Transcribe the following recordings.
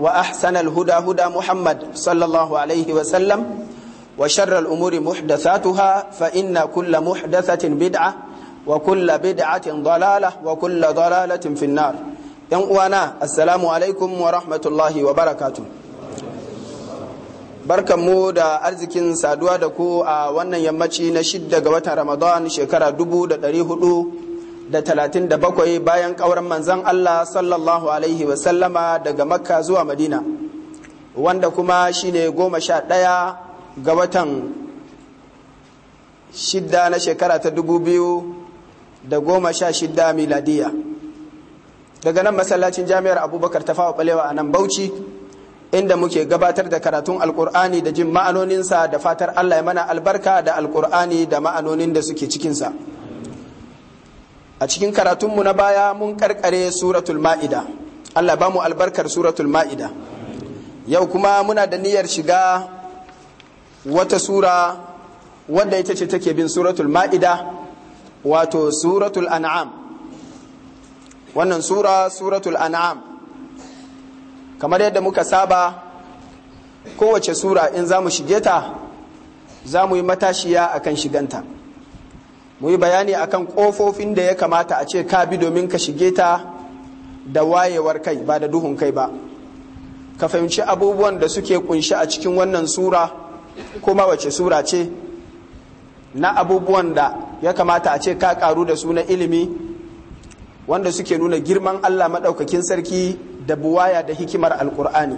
وأحسن الهدى هدى محمد صلى الله عليه وسلم وشر الأمور محدثاتها فإن كل محدثة بدعة وكل بدعة ضلالة وكل ضلالة في النار وانا السلام عليكم ورحمة الله وبركاته barkan mu da arzikin saduwa da ku a wannan yammaci na shidda ga watan ramadan shekara 1400 da talatin da bakwai bayan ƙauren manzan Allah sallallahu alaihi wasallama daga makka zuwa madina wanda kuma shine goma sha ɗaya ga watan shida na shekara ta dubu biyu da goma sha shidda miladiya daga nan masallacin jami'ar abubakar ta fawa balewa a nan bauchi inda muke gabatar da karatun alkur'ani da jin ma'anoninsa da fatar allah ya mana albarka da alkur'ani da ma'anonin da suke cikinsa a cikin karatunmu na baya mun karkare suratul ma'ida Allah ba mu albarkar suratul ma'ida yau kuma muna da niyyar shiga wata sura wadda ita ce take bin suratul ma'ida wato suratul an'am wannan sura suratul an'am kamar yadda muka saba kowace sura in za mu shige ta za mu yi matashiya akan shiganta mu yi bayani kan ƙofofin da ya kamata a ce ka bi domin ka shige ta da wayewar kai ba da duhun kai ba ka fahimci abubuwan da suke kunshi a cikin wannan sura kuma wace sura ce na abubuwan da ya kamata a ce ka karu da su na ilimi wanda suke nuna girman allah maɗaukakin sarki da buwaya da hikimar alƙur'ani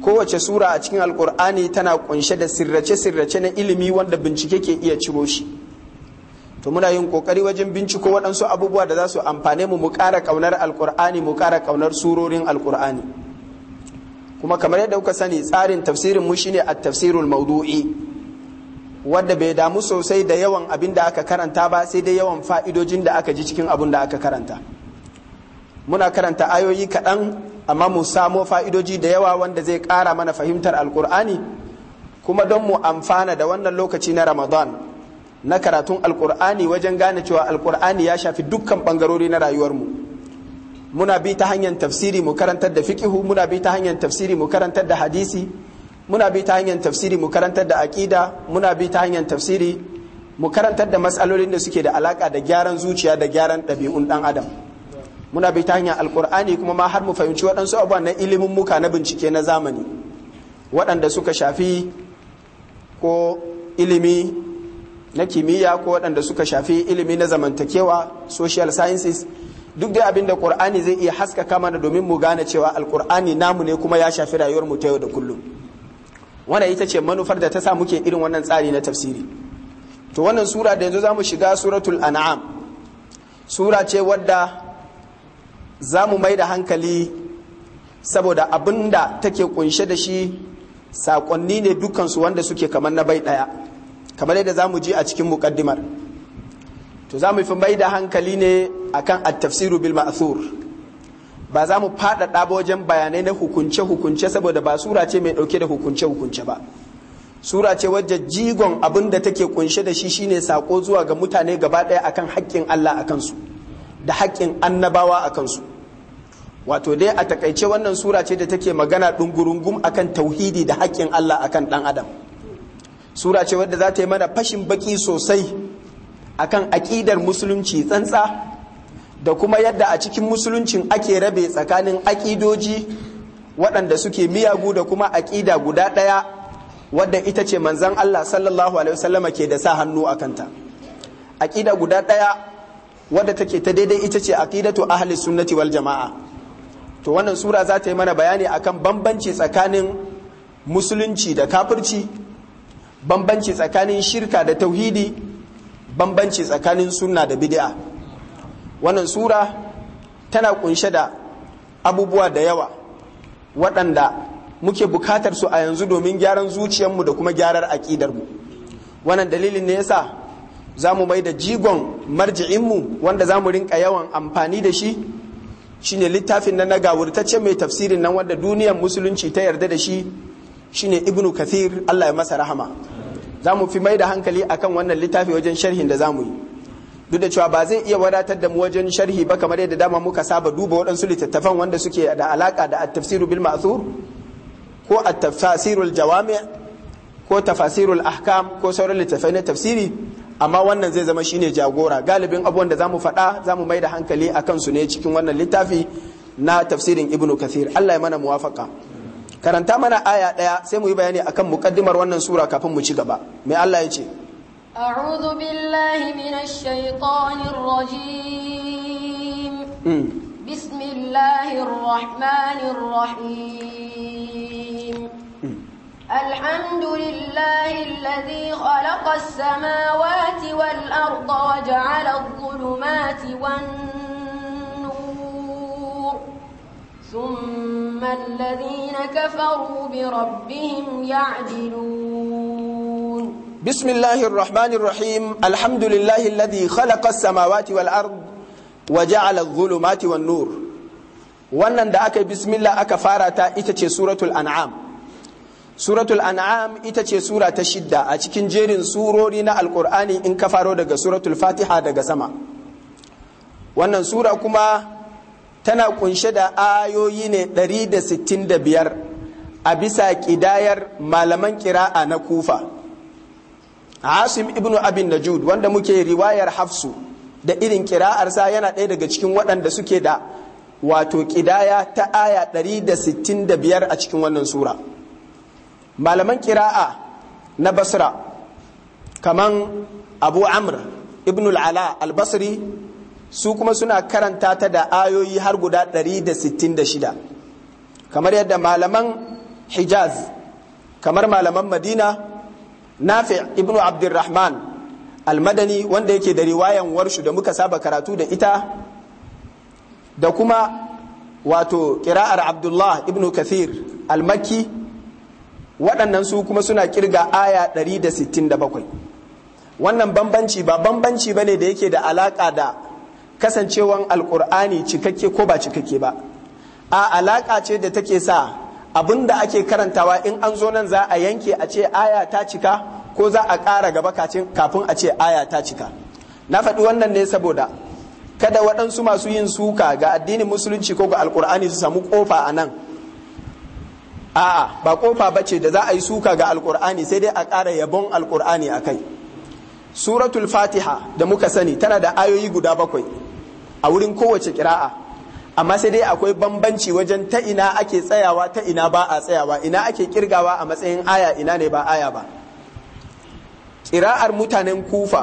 kowace sura a cikin alkur'ani tana kunshe da sirrace-sirrace na ilimi wanda bincike ke iya ciro shi to muna yin kokari wajen binciko waɗansu abubuwa da za su amfane mu mu ƙara ƙaunar alƙur'ani mu ƙara ƙaunar surorin alƙur'ani kuma kamar yadda kuka sani tsarin tafsirin mu shine at-tafsirul maudu'i. wanda bai damu sosai da yawan abin da aka karanta ba sai dai yawan fa'idojin da aka ji cikin abin da aka karanta muna karanta ayoyi kaɗan amma mu samo fa'idoji da yawa wanda zai ƙara mana fahimtar alƙur'ani kuma don mu amfana da wannan lokaci na ramadan na karatun alkur'ani wajen gane cewa alkur'ani ya shafi dukkan bangarori na rayuwarmu muna bi ta hanyar tafsiri mu karantar da fikihu muna bi ta hanyar tafsiri mu karantar da hadisi muna bi ta hanyar tafsiri mu karantar da aqida muna bi ta hanyar tafsiri mu karantar da matsalolin da suke da alaka da gyaran zuciya da gyaran ɗabi'un ɗan adam muna bi ta hanyar alkur'ani kuma ma har mu fahimci waɗansu abubuwa na ilimin muka na bincike na zamani waɗanda suka shafi ko ilimi na kimiyya ko waɗanda suka shafi ilimi na zamantakewa social sciences duk dai abin da ƙur'ani zai iya haskaka mana domin mu gane cewa alqur'ani namu ne kuma ya shafi rayuwar mu ta yau da kullum wannan ita ce manufar da ta sa muke irin wannan tsari na tafsiri to wannan sura da yanzu zamu shiga suratul an'am sura ce wadda zamu mai da hankali saboda abinda take kunshe da shi sakonni ne dukkansu wanda suke kamar na bai daya kamar yadda za mu ji a cikin mukaddimar to za mu fi mai da hankali ne akan at-tafsiru bil ma'thur ba za mu fada ba wajen bayanai na hukunce-hukunce saboda ba sura ce mai ɗauke da hukunce-hukunce ba sura ce wajen jigon abin da take kunshe da shi shine sako zuwa ga mutane gaba ɗaya akan haƙƙin Allah a kansu da haƙƙin annabawa a kansu wato dai a takaice wannan sura ce da take magana ɗungurungum akan tauhidi da haƙƙin Allah akan ɗan adam sura ce wadda za ta yi mana fashin baki sosai akan aƙidar musulunci tsantsa da kuma yadda a cikin musuluncin ake rabe tsakanin aƙidoji waɗanda suke miyagu da kuma aƙida guda ɗaya wadda ita ce manzan Allah sallallahu alaihi wasallama ke da sa hannu a kanta aƙida guda ɗaya wadda take ta daidai ita ce aƙidatu ahli sunnati wal jama'a to wannan sura za ta yi mana bayani akan bambanci tsakanin musulunci da kafirci bambanci tsakanin shirka da tauhidi bambanci tsakanin sunna da bid'a wannan sura tana kunshe da abubuwa da yawa waɗanda muke bukatar su a yanzu domin gyaran zuciyarmu da kuma gyarar aƙidarmu wannan dalilin ne yasa za mu mai da jigon marji'inmu wanda za mu rinka yawan amfani da shi shine littafin na na gawurtacce mai tafsirin nan wanda duniyar musulunci ta yarda da shi shine ibnu kathir Allah ya masa rahama za mu fi mai da hankali akan wannan littafi wajen sharhin da za mu yi duk da cewa ba zai iya wadatar da mu wajen sharhi ba kamar yadda dama muka saba duba waɗansu littattafan wanda suke da alaka da at-tafsiru bil ma'thur ko at-tafsirul jawami' ko tafasirul ahkam ko sauran littattafai na tafsiri amma wannan zai zama shine jagora galibin abubuwan da zamu faɗa zamu mai da hankali akan su ne cikin wannan littafi na tafsirin ibnu kathir Allah ya mana muwafaka karanta mana aya ɗaya sai mu yi bayani akan muƙaddimar wannan sura kafin mu ci gaba mai Allah ya ce a'udhu billahi minash shaitanir rajim hmm. bismillahir rahmanir rahim hmm. alhamdulillahi alladhi khalaqa as-samawati wal arda waja'ala adh-dhulumati ثم الذين كفروا بربهم يعدلون بسم الله الرحمن الرحيم الحمد لله الذي خلق السماوات والأرض وجعل الظلمات والنور wannan da aka bismillah aka fara ta ita ce suratul an'am suratul an'am ita ce sura ta shidda a cikin jerin surori na alkur'ani in ka faro daga suratul fatiha daga sama wannan sura kuma tana kunshe da ayoyi ne 165 a bisa kidayar malaman kira'a na kufa asim ibnu abin najud wanda muke riwayar hafsu da irin kira'arsa yana ɗaya daga cikin waɗanda suke da wato kidaya ta aya 165 a cikin wannan sura malaman kira'a na basra kaman abu amr ibn al'ala al-basri su kuma suna karanta ta da ayoyi har guda 166 kamar yadda malaman hijaz kamar malaman madina nafi ibnu abdurrahman almadani wanda yake da riwayan warshu da muka saba karatu da ita da kuma wato kira'ar abdullah ibnu kathir makki waɗannan su kuma suna kirga aya 167 wannan bambanci ba bambanci ba ne da yake da alaƙa da kasancewan alkur'ani cikakke ko ba cikakke ba a alaka ce da take sa abin da ake karantawa in an zo nan za a yanke a ce aya ta cika ko za a ƙara gaba kafin a ce aya ta cika na faɗi wannan ne saboda kada waɗansu masu yin suka ga addinin musulunci ko ga alkur'ani su samu ƙofa a nan a'a ba ƙofa ba ce da za a yi suka ga alkur'ani sai dai a ƙara yabon alkur'ani a kai suratul fatiha da muka sani tana da ayoyi guda bakwai a wurin kowace kira'a amma sai dai akwai bambanci wajen ta ina ake tsayawa ta ina ba a tsayawa ina ake kirgawa a matsayin aya ina ne ba aya ba kira'ar mutanen kufa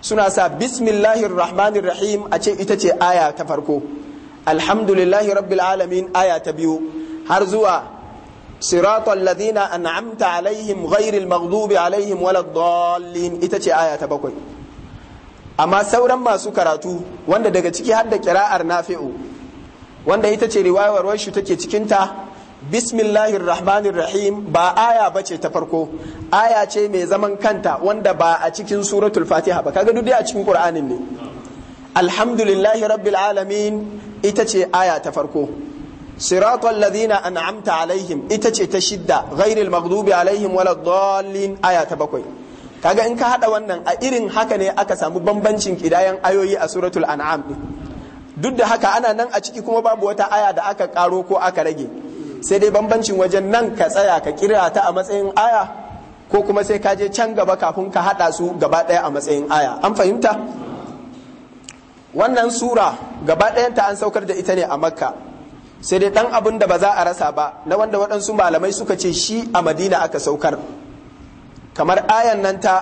suna sa bismillahir rahmanir rahim a ce ita ce aya ta farko alhamdulillahi rabbil alamin aya ta biyu har zuwa صراط an'amta alaihim عليهم غير alaihim عليهم ita ce aya ta bakwai. amma sauran masu karatu wanda daga ciki har da kira'ar nafi'u wanda ita ce riwayar washu take cikinta bismillahir rahmanir rahim ba aya ba ce ta farko aya ce mai zaman kanta wanda ba a cikin suratul fatiha ba kaga duk a cikin qur'anin ne alhamdulillahi rabbil alamin ita ce aya ta farko siratal ladina an'amta alaihim ita ce ta shidda ghairil maghdubi alaihim waladdallin aya ta bakwai kaga in ka hada wannan a irin haka ne aka samu bambancin kidayan ayoyi a suratul an'am din duk da haka ana nan a ciki kuma babu wata aya da aka karo ko aka rage sai dai bambancin wajen nan ka tsaya ka kira ta a matsayin aya ko kuma sai ka je can gaba kafin ka hada su gaba daya a matsayin aya an fahimta wannan sura gaba ta an saukar da ita ne a makka sai dai dan abin da ba za a rasa ba na wanda waɗansu malamai suka ce shi a madina aka saukar kamar ayan nan ta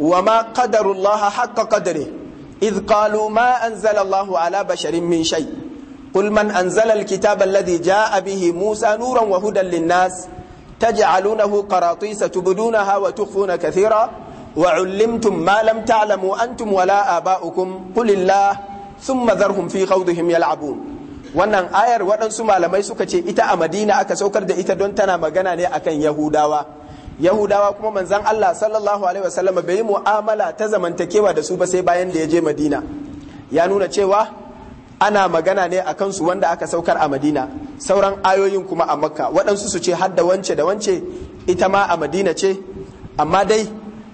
wa ma qadarullah haqqa qadri idh qalu ma anzala Allah ala basharin min shay qul man anzala alkitaba alladhi jaa bihi Musa nuran wa hudan lin-nas taj'alunahu qaratisa tubdunaha wa tukhfuna kathira wa 'allamtum ma lam ta'lamu antum wala aba'ukum qul illah thumma dharhum fi khawdihim yal'abun wannan ayar waɗansu malamai suka ce ita a madina aka saukar da ita don tana magana ne akan yahudawa yahudawa kuma manzan Allah sallallahu alaihi wasallama bai yi mu'amala ta zamantakewa da su ba sai bayan da ya je madina ya nuna cewa ana magana ne a kansu wanda aka saukar a madina sauran ayoyin kuma a makka waɗansu su ce hadda wance da wance ita ma a madina ce amma dai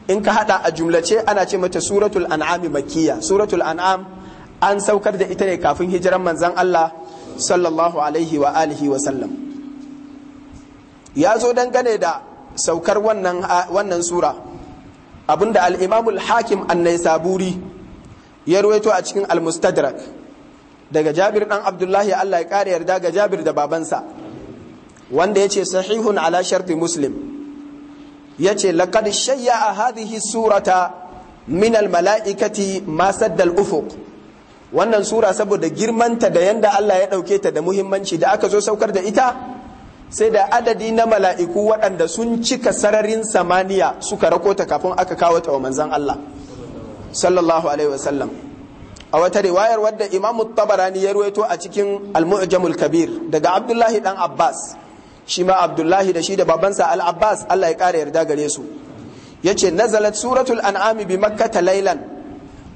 in ka hada a jumlace ana ce mata suratul an'ami makkiya suratul an'am an saukar da ita ne kafin hijiran manzan Allah sallallahu alaihi wa alihi wa sallam ya zo dangane da saukar wannan sura abinda al'imamul hakim annai saburi ya ruwaito a cikin al-mustadrak daga jabir ɗan abdullahi allah ya ƙara yarda ga jabir da babansa wanda ya ce sahihun ala sharti muslim ya ce laƙad shayya a hadihi surata min mala'ikati ma saddal wannan sura saboda girmanta da yanda allah ya ɗauke ta da muhimmanci da aka zo saukar da ita sai da adadi na mala'iku waɗanda sun cika sararin samaniya suka rakota kafin aka kawo ta wa manzan Allah sallallahu alaihi wasallam a wata riwayar wadda imam tabarani ya ruwaito a cikin al-mu'jamul kabir daga abdullahi dan abbas shi ma abdullahi da shi da babansa al-abbas Allah ya ƙara yarda gare su yace nazalat suratul an'ami bi makkata laylan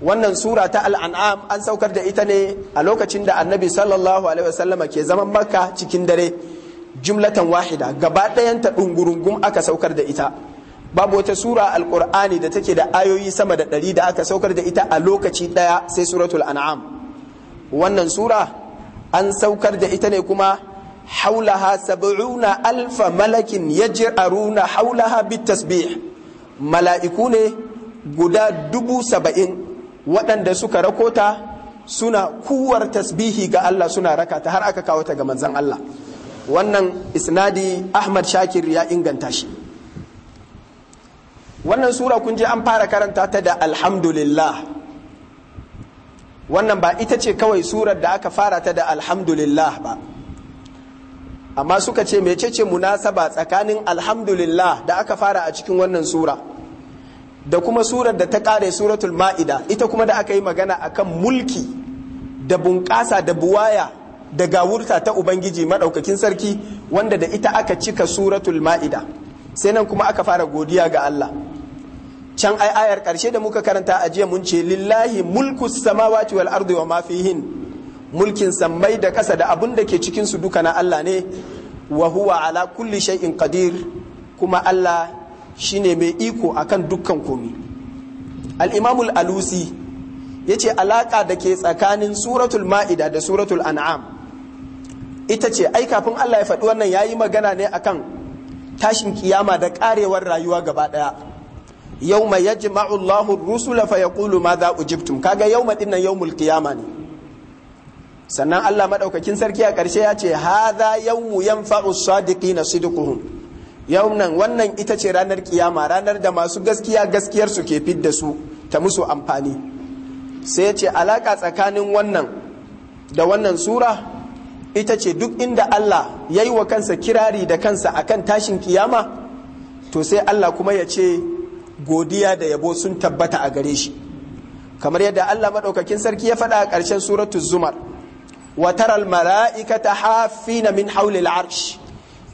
wannan sura ta anam an saukar da ita ne a lokacin da annabi sallallahu alaihi wasallama ke zaman makka cikin dare jumlatan wahida gaba ɗayanta ɗungurungun aka saukar da ita babu wata sura alƙur'ani da take da ayoyi sama da ɗari da aka saukar da ita a lokaci ɗaya sai suratul an'am wannan sura an saukar da ita ne kuma haulaha sab'una alfa malakin aruna haulaha tasbih mala'iku ne guda dubu saba'in waɗanda suka rakota suna kuwar tasbihi ga Allah suna rakata har aka kawo ta ga manzon Allah wannan isnadi ahmad shakir ya inganta shi wannan sura kun je an fara karanta ta da alhamdulillah wannan ba ita ce kawai surar da aka fara ta da alhamdulillah ba amma suka ce mecece munasaba tsakanin alhamdulillah da aka fara a cikin wannan sura da kuma surar da ta kare suratul ma'ida ita kuma da aka yi magana akan mulki da bunƙasa da buwaya da wurta ta ubangiji madaukakin sarki wanda da ita aka cika suratul ma'ida sai nan kuma aka fara godiya ga Allah can ai ayar ƙarshe da muka karanta a jiya mun ce lillahi mulku samawati wal ardi wa ma mulkin sammai da kasa da abun da ke cikin su duka na Allah ne wa huwa ala kulli shay'in qadir kuma Allah shine mai iko akan dukkan komi al imamul ya alusi yace alaka da ke tsakanin suratul ma'ida da suratul an'am ita ce ai kafin Allah ya faɗi wannan yi magana ne akan tashin kiyama da ƙarewar rayuwa gaba ɗaya yau mai rusu ar-rusula fa ma za ujibtum kaga yawma nan yau mulkiyama ne sannan Allah maɗaukakin sarki a ƙarshe ya ce ha yau yawmu sadiki na sadiqina Yau nan wannan ita ce ranar kiyama ranar da masu gaskiya gaskiyar su ke fidda su ta musu amfani sai ce alaƙa tsakanin wannan da wannan sura ita ce duk inda Allah ya yi wa kansa kirari da kansa akan tashin kiyama to sai Allah kuma ya ce godiya da yabo sun tabbata a gare shi kamar yadda Allah maɗaukakin sarki ya faɗa a ƙarshen suratu zumar wa mala'ikata hafina min haulil arsh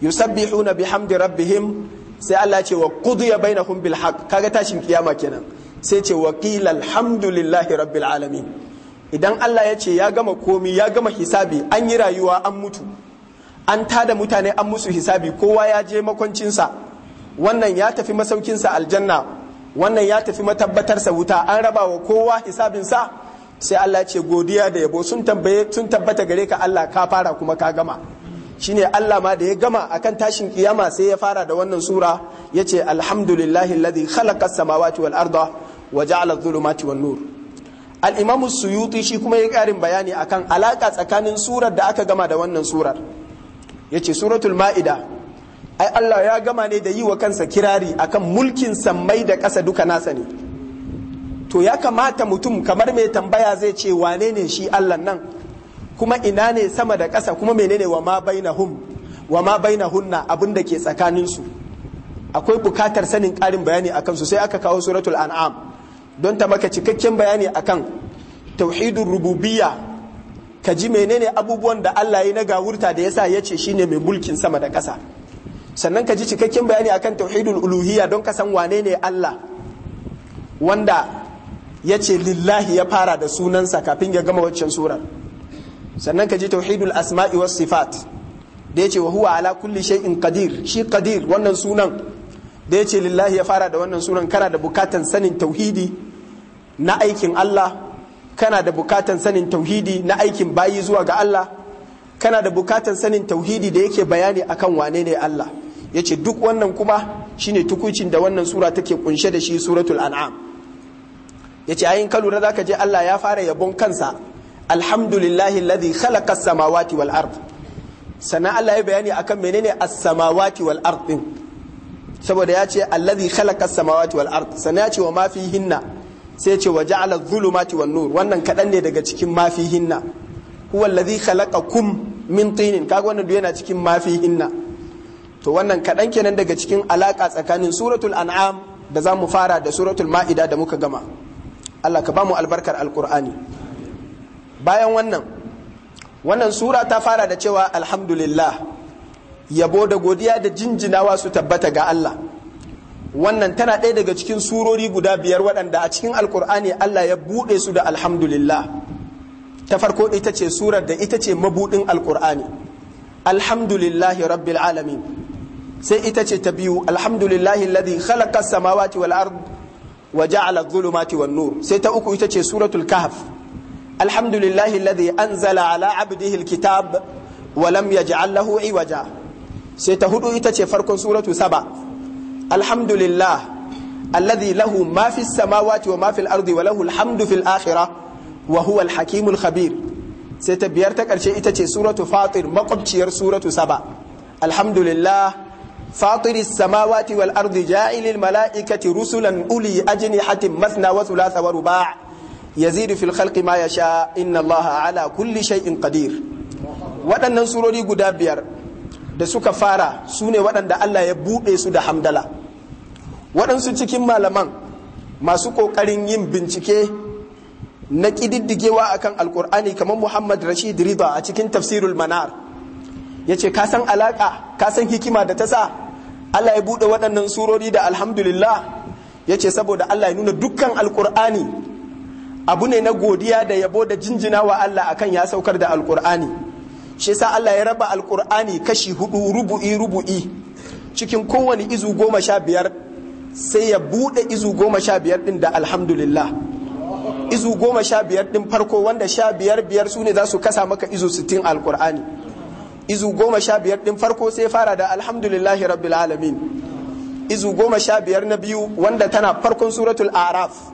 yusabbihuna bihamdi rabbihim sai Allah ce wa qudiya bainahum bil haqq kaga tashin kiyama kenan sai ce wa qila alhamdulillahi rabbil alamin idan Allah ya ce ya gama komi ya gama hisabi an yi rayuwa an mutu an ta da mutane an musu hisabi kowa ya je makwancinsa wannan ya tafi masaukinsa aljanna wannan ya tafi matabbatarsa wuta an raba wa kowa hisabinsa sai Allah ce godiya da yabo sun tambaye sun tabbata gare ka Allah ka fara kuma ka gama shine Allah ma da ya gama akan tashin kiyama sai ya fara da wannan sura yace alhamdulillahi alladhi khalaqa as-samawati wal arda wa ja'ala adh-dhulumati wan-nur al-imamu suyuti shi kuma ya karin bayani akan alaka tsakanin surar da aka gama da wannan surar ya ce suratul ma'ida ai Allah ya gama ne da yi wa kansa kirari akan mulkin sammai da ƙasa duka nasa ne to ya kamata mutum kamar mai tambaya zai ce wane ne shi Allah nan kuma ina ne sama da ƙasa kuma menene wa ma bainahum wa ma abin da ke tsakaninsu akwai bukatar sanin ƙarin bayani akan su sai aka kawo suratul an'am don ta maka cikakken bayani akan tauhidin rububiyya ka ji menene abubuwan da Allah ya na gawurta da yasa ya ce shine mai mulkin sama da ƙasa sannan ka ji cikakken bayani akan tauhidul uluhiyya don ka san wane ne Allah wanda ya ce lillahi ya fara da sunansa kafin ya gama waccan surar sannan ka ji tauhidul asma'i was sifat da ya ce wa huwa ala kulli shay'in qadir shi qadir wannan sunan da ya ce lillahi ya fara da wannan sunan kana da bukatan sanin tauhidi na aikin Allah kana da bukatan sanin tauhidi na aikin bayi zuwa ga Allah kana da bukatan sanin tauhidi da yake bayani akan wane ne Allah ya ce duk wannan kuma shine tukucin da wannan sura take kunshe da shi suratul an'am Yace ce ayin kalura za ka je Allah ya fara yabon kansa alhamdulillahi ladhi khalaqa samawati wal ard sannan Allah ya bayani akan menene as-samawati wal ard saboda yace ce allazi as samawati wal ard sannan ya ce wa ma fihinna sai ce wa ja'ala dhulumati wan nur wannan kadan ne daga cikin mafi hinna, huwa allazi khalaqakum min tinin kaga wannan duk yana cikin mafi hinna. to wannan kadan kenan daga cikin alaka tsakanin suratul an'am da zamu fara da suratul ma'ida da muka gama Allah ka bamu albarkar alqur'ani bayan wannan wannan sura ta fara da cewa alhamdulillah yabo da godiya da jinjinawa su tabbata ga Allah wannan tana ɗaya daga cikin surori guda biyar waɗanda a cikin alkur'ani Allah ya buɗe su da alhamdulillah ta farko ita ce surar da ita ce mabuɗin alkur'ani alhamdulillahi rabbil alamin sai ita ce ta biyu alhamdulillahi alladhi khalaqa samawati wal ard wa ja'ala dhulumati wan nur sai ta uku ita ce suratul kahf alhamdulillahi alladhi anzala ala abdihi alkitab wa lam yaj'al lahu iwaja sai ta hudu ita ce farkon suratu saba' alhamdulillah alladhi lahu ma samawati wa ma fil wa lahu alhamdu fil akhirah wa huwa khabir sai biyar ta karshe ita ce suratu fatir makwabciyar suratu saba alhamdulillah فاطر السماوات والأرض جاعل الملائكة رسلا أولي أجنحة مثنى وثلاث ورباع يزيد في الخلق ما يشاء إن الله على كل شيء قدير waɗannan surori guda biyar da suka fara su ne waɗanda Allah ya buɗe su da hamdala waɗansu cikin malaman masu ƙoƙarin yin bincike na ƙididdigewa a kan alƙur'ani kamar muhammad rashid rida a cikin tafsirul manar ya ce ka san alaƙa ka san hikima da ta sa allah ya buɗe waɗannan surori da alhamdulillah ya ce saboda allah ya nuna dukkan alƙur'ani abu ne na godiya da yabo da jinjina wa allah akan ya saukar da alƙur'ani shi sa allah ya raba alƙur'ani kashi hudu rubu'i rubu'i cikin kowane izu goma sha biyar sai ya buɗe izu goma sha biyar ɗin da alhamdulillah izu goma sha biyar ɗin farko wanda sha biyar biyar su ne za su kasa maka izu sittin alkur'ani izu goma sha biyar ɗin farko sai fara da alhamdulillahi rabbil alamin izu goma sha biyar na biyu wanda tana farkon suratul araf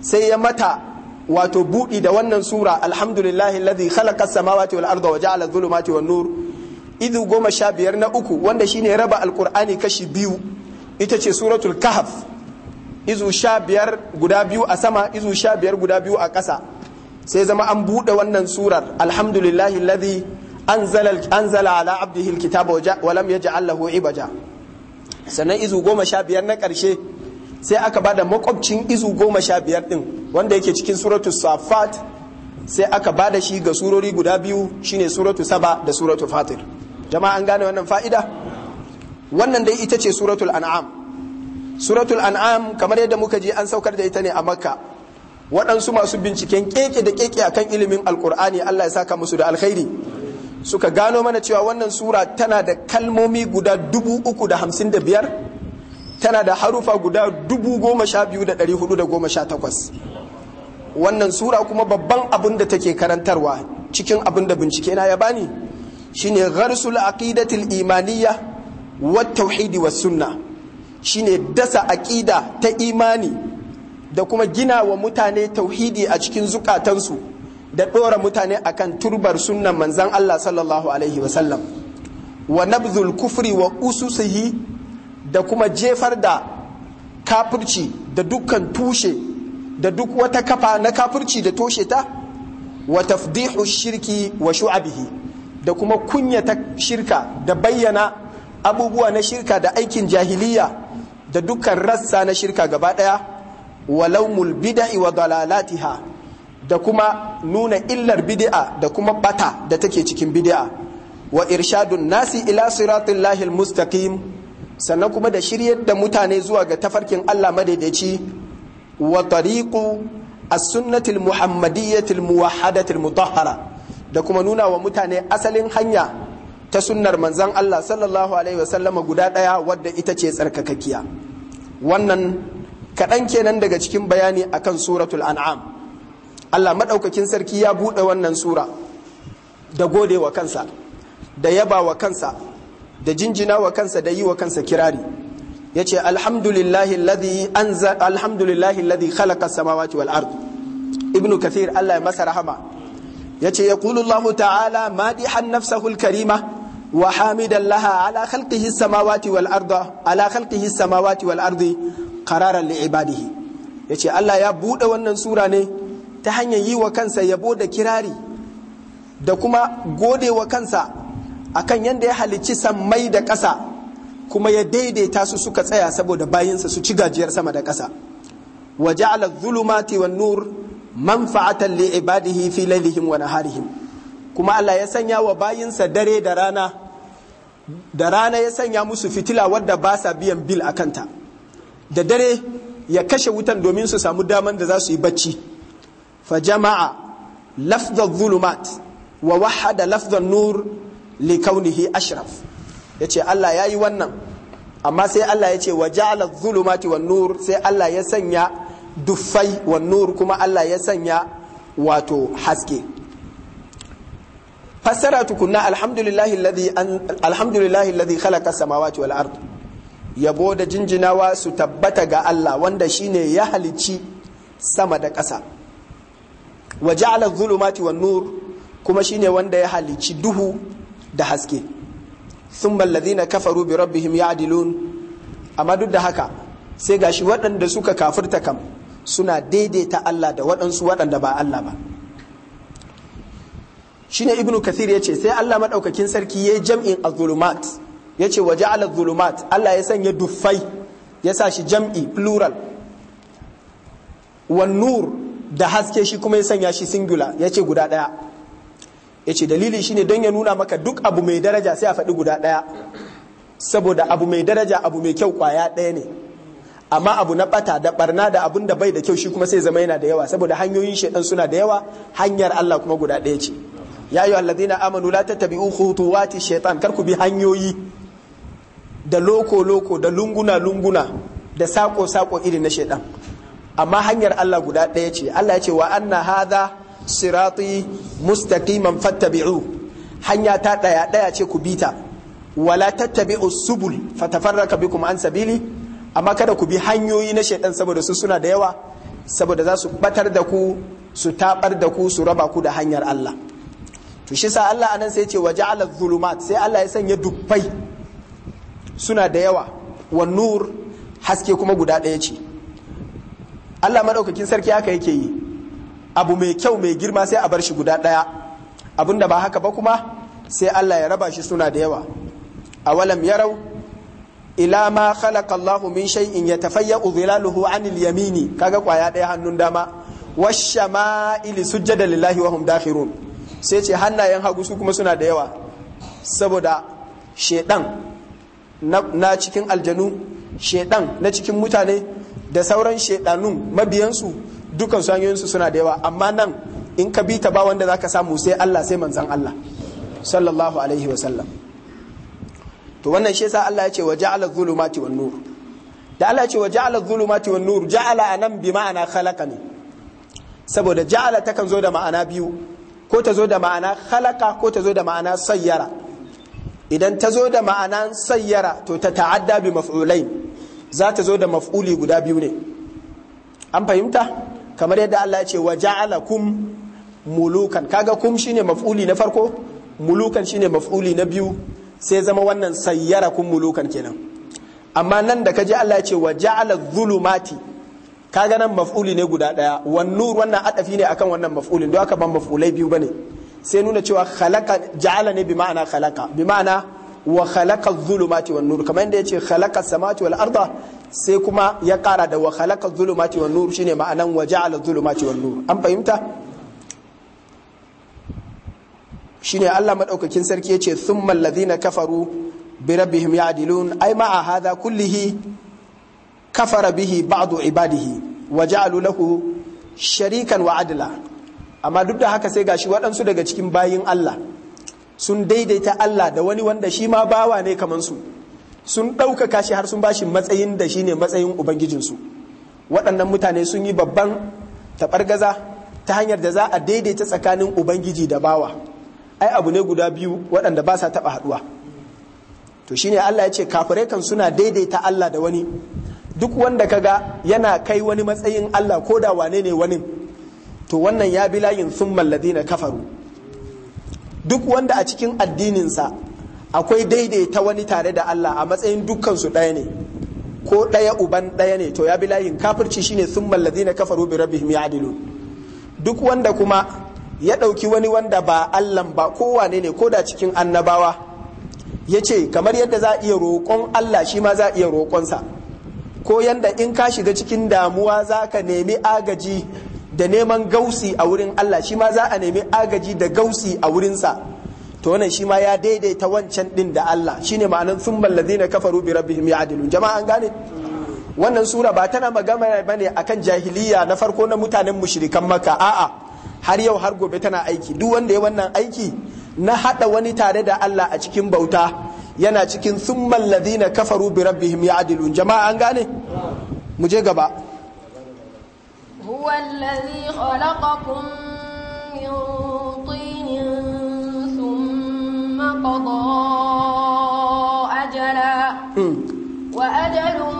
sai ya mata wato buɗi da wannan sura alhamdulillahi alladhi khalaqa samawati wal arda wa ja'ala dhulumati wan nur izu goma sha biyar na uku wanda shine raba alkur'ani kashi biyu ita ce suratul kahaf izu sha biyar guda biyu a sama izu sha biyar guda biyu a ƙasa sai zama an buɗe wannan surar alhamdulillahi ladhi anzala ala abdihi alkitaba wa lam yaj'al lahu ibaja sannan izu goma sha biyar na ƙarshe sai aka ba da makwabcin izu goma sha biyar ɗin wanda yake cikin suratu safat sai aka ba da shi ga surori guda biyu shine suratu saba da suratu fatir jama'a an gane wannan fa'ida wannan dai ita ce suratul an'am suratul an'am kamar yadda muka ji an saukar da ita ne a makka waɗansu masu binciken keke da keke akan ilimin alkur'ani allah ya saka musu da alkhairi suka gano mana cewa wannan sura tana da kalmomi guda dubu uku da hamsin da biyar tana da harufa guda dubu goma sha biyu da ɗari hudu da goma sha takwas wannan sura kuma babban abin da take karantarwa cikin abin da bincike na ya bani shine gharsul aqidatil imaniyya wat tauhidi was sunna shine dasa aƙida ta imani da kuma gina wa mutane tauhidi a cikin zukatansu da ɗora mutane akan turbar sunan manzan Allah sallallahu alaihi wasallam wa nabzul kufri wa ususihi da kuma jefar da kafirci da dukkan tushe da duk wata kafa na kafirci da toshe ta wa tafdihu shirki wa shu'abihi da kuma kunyata shirka da bayyana abubuwa na shirka da aikin jahiliya da dukkan rassa na shirka gaba ɗaya walau mulbida'i wa ha da kuma nuna illar bid'a da kuma bata da take cikin bid'a wa irshadun nasi ila siratin lahil mustaqim sannan kuma da shiryar da mutane zuwa ga tafarkin Allah madaidaici wa tariqu as-sunnatil muhammadiyyatil muwahhadatil mutahhara da kuma nuna wa mutane asalin hanya ta sunnar manzan Allah sallallahu alaihi wasallama guda ɗaya wadda ita ce tsarkakakkiya wannan kaɗan kenan daga cikin bayani akan suratul an'am Allah maɗaukakin sarki ya buɗe wannan sura da gode wa kansa da yaba wa kansa da jinjina wa kansa da yi wa kansa kirari ya ce alhamdulillahi alladhi khalaqa samawati wal ard ibnu kathir Allah ya masa rahama ya ce ya ta'ala madihan nafsahul karima وحامدا لها على خلقه السماوات والأرض على خلقه السماوات والأرض قرارا لعباده yace Allah ya buɗe wannan sura ne ta hanyar yi wa kansa yabo da kirari da kuma gode wa kansa akan yadda ya halicci sammai da ƙasa kuma ya daidaita su suka tsaya saboda bayinsa su ci gajiyar sama da ƙasa wa ja'ala dhulumati wan nur manfa'atan li ibadihi fi lailihim wa naharihim kuma Allah ya sanya wa bayinsa dare da rana da rana ya sanya musu fitila wadda ba sa biyan bil a kanta da dare ya kashe wutan domin su samu daman da za su yi bacci fa jama'a lafzan zulumat wa wahada lafzan nur li kaunihi ashraf ya ce Allah ya yi wannan amma sai Allah ya ce wa ja'ala zulumati wa nur sai Allah ya sanya duffai wa nur kuma Allah ya sanya wato haske fassara tukunna alhamdulillahi alladhi khalaka khalaqa samawati wal ard yabo da jinjinawa su tabbata ga Allah wanda shine ya halici sama da ƙasa wa ja'ala adh-dhulumati nur kuma shine wanda ya halici duhu da haske thumma alladhina kafaru bi rabbihim ya'dilun amma duk da haka sai gashi waɗanda suka kafurta kam suna daidaita Allah da waɗansu waɗanda ba Allah ba shine ibnu kathir ce sai Allah madaukakin sarki yayi jam'in az-zulumat yace waje az-zulumat Allah ya sanya duffai ya sa shi jam'i plural wan nur da haske shi kuma ya sanya shi singular yace guda daya yace dalili shi ne don ya nuna maka duk abu mai daraja sai a faɗi guda ɗaya saboda abu mai daraja abu mai kyau kwaya ɗaya ne amma abu na bata da barna da abun da bai da kyau shi kuma sai zama yana da yawa saboda hanyoyin shaidan suna da yawa hanyar Allah kuma guda ɗaya ce ya ayyuhal ladina amanu la hutu khutuwati shaitan kar ku bi hanyoyi da loko loko da lunguna lunguna da sako sako iri na shaitan amma hanyar Allah guda ɗaya ce Allah ya ce wa anna hadha sirati mustaqiman fattabi'u hanya ta ɗaya ɗaya ce ku bita wala tattabi'u subul bi bikum an sabili amma kada ku bi hanyoyi na shaitan saboda su suna da yawa saboda za su batar da ku su taɓar da ku su raba ku da hanyar Allah to shi sa Allah anan sai ya ce wa ja'ala zulumat sai Allah ya sanya dubbai suna da yawa wa nur haske kuma guda daya ce Allah madaukakin sarki haka yake yi abu mai kyau mai girma sai a bar shi guda ɗaya abinda ba haka ba kuma sai Allah ya raba shi suna da yawa awalam yarau ila ma khalaqa Allahu min shay'in yatafayyu dhilaluhu 'anil yamini kaga kwaya ɗaya hannun dama washama ili sujjada lillahi wa hum dakhirun sai ce hannayen hagu su kuma suna da yawa saboda shedan na cikin aljanu shedan na cikin mutane da sauran shedanun mabiyansu dukansu hanyoyinsu suna da yawa amma nan in ka bi ta ba wanda zaka samu sai Allah sai manzan Allah sallallahu alaihi wa sallam to wannan shi yasa Allah ya ce wa ja'ala dhulumati wan nur da Allah ya ce wa ja'ala dhulumati wan nur ja'ala anan bi ma'ana khalaqa ne saboda ja'ala takan zo da ma'ana biyu ko ta zo da ma'ana halaka ko ta zo da ma'ana sayyara idan ta zo da ma'ana sayyara to ta ta'adda bi maf'ulain za ta zo da maf'uli guda biyu ne an fahimta kamar yadda Allah ya ce wa ja'alakum mulukan kaga kum shine maf'uli na farko mulukan shine maf'uli na biyu sai zama wannan sayyara kum mulukan kenan amma nan da kaji Allah ya ce wa ja'ala dhulumati kaga nan maf'uli ne guda daya wan nur wannan adafi ne akan wannan maf'ulin don haka ban maf'ulai biyu bane sai nuna cewa khalaqa ja'ala ne bi ma'ana khalaqa bi ma'ana wa khalaqa adh-dhulumati wan nur kamar yadda yace khalaqa samawati wal arda sai kuma ya kara da wa khalaqa dhulumati wan nur shine ma'anan wa ja'ala dhulumati wan nur an fahimta shine Allah madaukakin sarki yace thumma alladhina kafaru bi rabbihim ya'dilun ai ma'a hadha kullihi kafara bihi ba'du ibadihi wa ja'alu lahu sharikan wa adla amma duk da haka sai gashi waɗansu daga cikin bayin Allah sun daidaita Allah da wani wanda shi ma bawa ne kaman su sun ɗaukaka shi har sun bashi matsayin da shi ne matsayin ubangijinsu waɗannan mutane sun yi babban taɓargaza ta hanyar da za a daidaita tsakanin ubangiji da bawa ai abu ne guda biyu waɗanda ba sa taɓa haɗuwa to shine Allah ya ce kafirai kan suna daidaita Allah da wani duk wanda ka ga yana kai wani matsayin Allah ko da wane ne wani to wannan ya bi layin sun na kafaru duk wanda a cikin addininsa akwai daidaita wani tare da Allah a matsayin dukkansu ɗaya ne ko ɗaya uban ɗaya ne to ya bi layin kafirci ne sun na kafaru bi ya adilu duk wanda kuma ya ɗauki wani wanda ba Allah ba kowane ne ko da cikin annabawa ya ce kamar yadda za a iya roƙon Allah shi ma za a iya roƙonsa ko yanda in ka shiga cikin damuwa za ka nemi agaji da neman gausi a wurin Allah shi ma za a nemi agaji da gausi a wurinsa to wannan shi ma ya daidaita wancan din da Allah Shi shine sun thumma na kafaru bi rabbihim adilu jama'a an gane wannan sura ba tana magana ne akan jahiliya na farko na mutanen mushrikan maka a'a har yau har gobe tana aiki duk wanda ya wannan aiki na hada wani tare da Allah a cikin bauta yana cikin thummal ladina kafaru bi rabbihim ya'dilun jama'a an gane mu je gaba huwa alladhi khalaqakum min tinin thumma qada ajala hmm. wa ajalun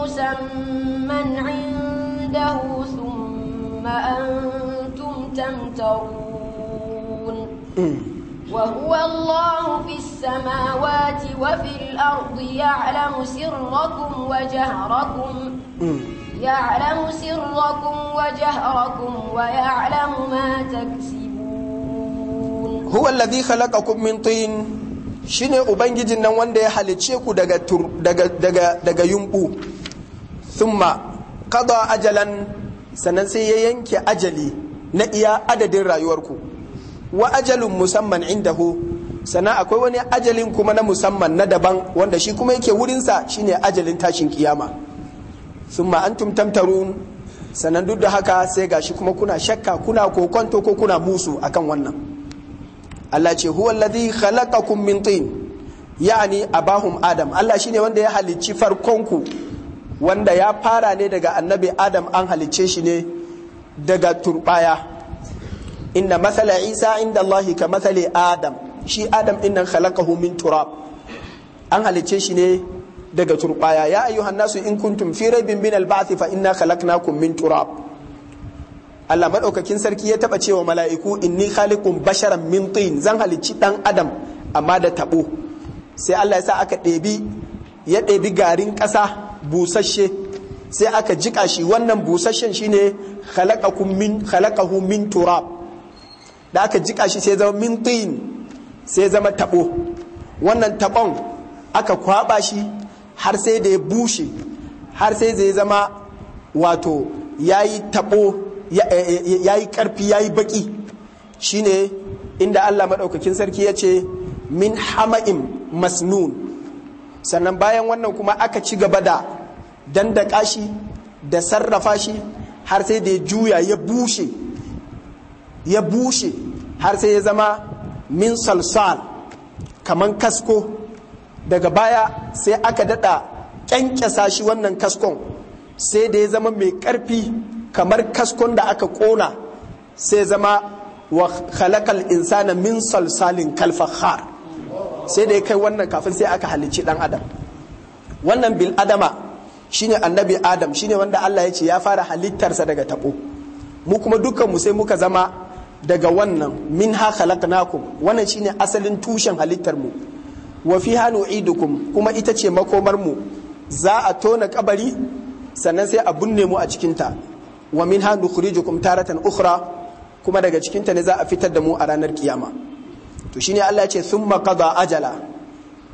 musamman 'indahu thumma antum tamtarun hmm. وهو الله في السماوات وفي الأرض يعلم سركم وجهركم يعلم سركم وجهركم ويعلم ما تكسبون هو الذي خلقكم من طين shine ubangijin nan wanda ya halice ku daga daga daga daga yumbu thumma qada ajalan sannan sai ya yanke ajali na iya adadin rayuwarku wa ajalin musamman indahu sana akwai wani ajalin kuma na musamman na daban wanda shi kuma yake wurinsa shine ajalin tashin kiyama sun antum tamtarun sanan duk da haka sai gashi kuma kuna shakka kuna kokonto ko kuna musu akan wannan Allah ce huwa alladhi khalaqakum min tin yani abahum adam Allah shine wanda ya halicci ku wanda ya fara ne daga annabi adam an halicce shi ne daga turbaya inna masala isa inda allahi ka masala adam shi adam inna nan khalaqahu min turab an halice shi ne daga turbaya ya ayyuhan nasu in kuntum fi raibin min al-ba'th fa inna khalaqnakum min turab Allah madaukakin sarki ya taba cewa mala'iku inni khaliqun basharan min tin zan halici dan adam amma da tabo sai Allah ya sa aka ɗebi ya ɗebi garin ƙasa busasshe sai aka jika shi wannan busasshen shine khalaqakum min khalaqahu min turab da aka jika shi sai zama mintin sai zama tabo wannan tabon aka kwaba shi har sai da ya bushe har sai zai zama wato ya yi tabo ya eh, eh, eh, yi karfi ya yi baki shine inda allah maɗaukakin sarki ya ce min hama'im masnun sannan bayan wannan kuma aka ci gaba da dandaka shi da sarrafa shi har sai da ya juya ya bushe ya bushe har sai ya zama min salsal kaman kasko daga baya sai aka dada kyankyasa shi wannan kaskon sai da ya zama mai karfi kamar kaskon da aka kona sai zama wa khalaqal insana min salsalin kalfahar sai da ya kai wannan kafin sai aka halicci dan adam wannan bil adama shine annabi adam shine wanda Allah ya ce ya fara halittarsa daga tabo mu kuma dukkan mu sai muka zama daga wannan min ha khalaqnakum wannan shine asalin tushen halittar mu wa fiha nu'idukum kuma ita ce makomar mu za a tona kabari sannan sai a binne mu a cikin ta wa min ha nukhrijukum taratan ukhra kuma daga cikin ta ne za a fitar da mu a ranar kiyama to shine Allah ya ce summa qada ajala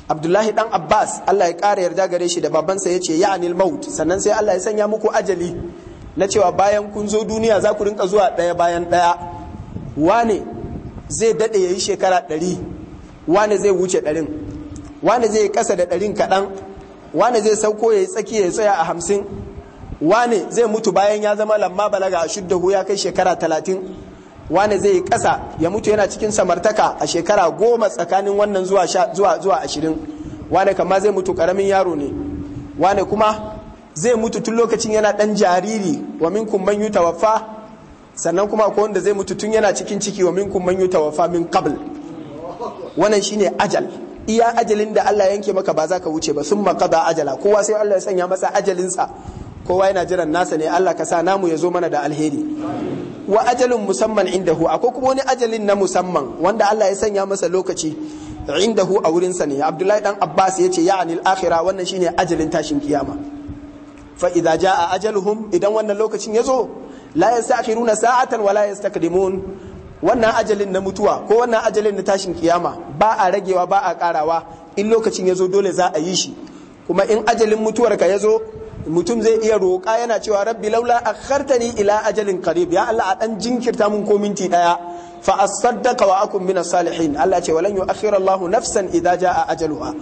Abdullahi dan Abbas Allah ya kara yarda gare shi da babansa ya ce ya'anil maut sannan sai Allah ya sanya muku ajali na cewa bayan kun zo duniya za ku rinka zuwa ɗaya bayan ɗaya wane zai dade ya yi shekara ɗari wane zai wuce ɗarin wane zai kasa da ɗarin kaɗan wane zai sauko ya yi tsaki ya tsaya a hamsin wane zai mutu bayan ya zama lamma balaga a shuddahu ya kai shekara talatin wane zai yi ya mutu yana cikin samartaka a shekara goma tsakanin wannan zuwa, zuwa, zuwa ashirin wane kama zai mutu karamin yaro ne wane kuma zai mutu tun lokacin yana ɗan jariri wa minkum man yutawaffa sannan kuma akwai wanda zai mutu tun yana cikin ciki wa minkum man yutawaffa min qabl wannan shine ajal iya ajalin da Allah yanke maka ba za ka wuce ba summa qada ajala kowa sai Allah ya sanya masa ajalinsa kowa yana jiran nasa ne Allah ka sa namu ya zo mana da alheri wa ajalin musamman indahu akwai kuma wani ajalin na musamman wanda Allah ya sanya masa lokaci indahu a wurin sa ne Abdullahi dan Abbas ya ce ya'anil akhira wannan shine ajalin tashin kiyama fa idza jaa ajaluhum idan wannan lokacin ya zo la yasta'khiruna sa'atan wa la yastaqdimun wannan ajalin na mutuwa ko wannan ajalin na tashin kiyama ba a ragewa ba a karawa in lokacin ya zo dole za a yi shi kuma in ajalin mutuwarka ya zo mutum zai iya roƙa yana cewa rabbi laula akhartani ila ajalin qarib ya Allah a dan jinkirta mun ko minti daya fa asaddaka wa akun minas salihin Allah ce walan yu'akhir Allahu nafsan idza jaa ajaluha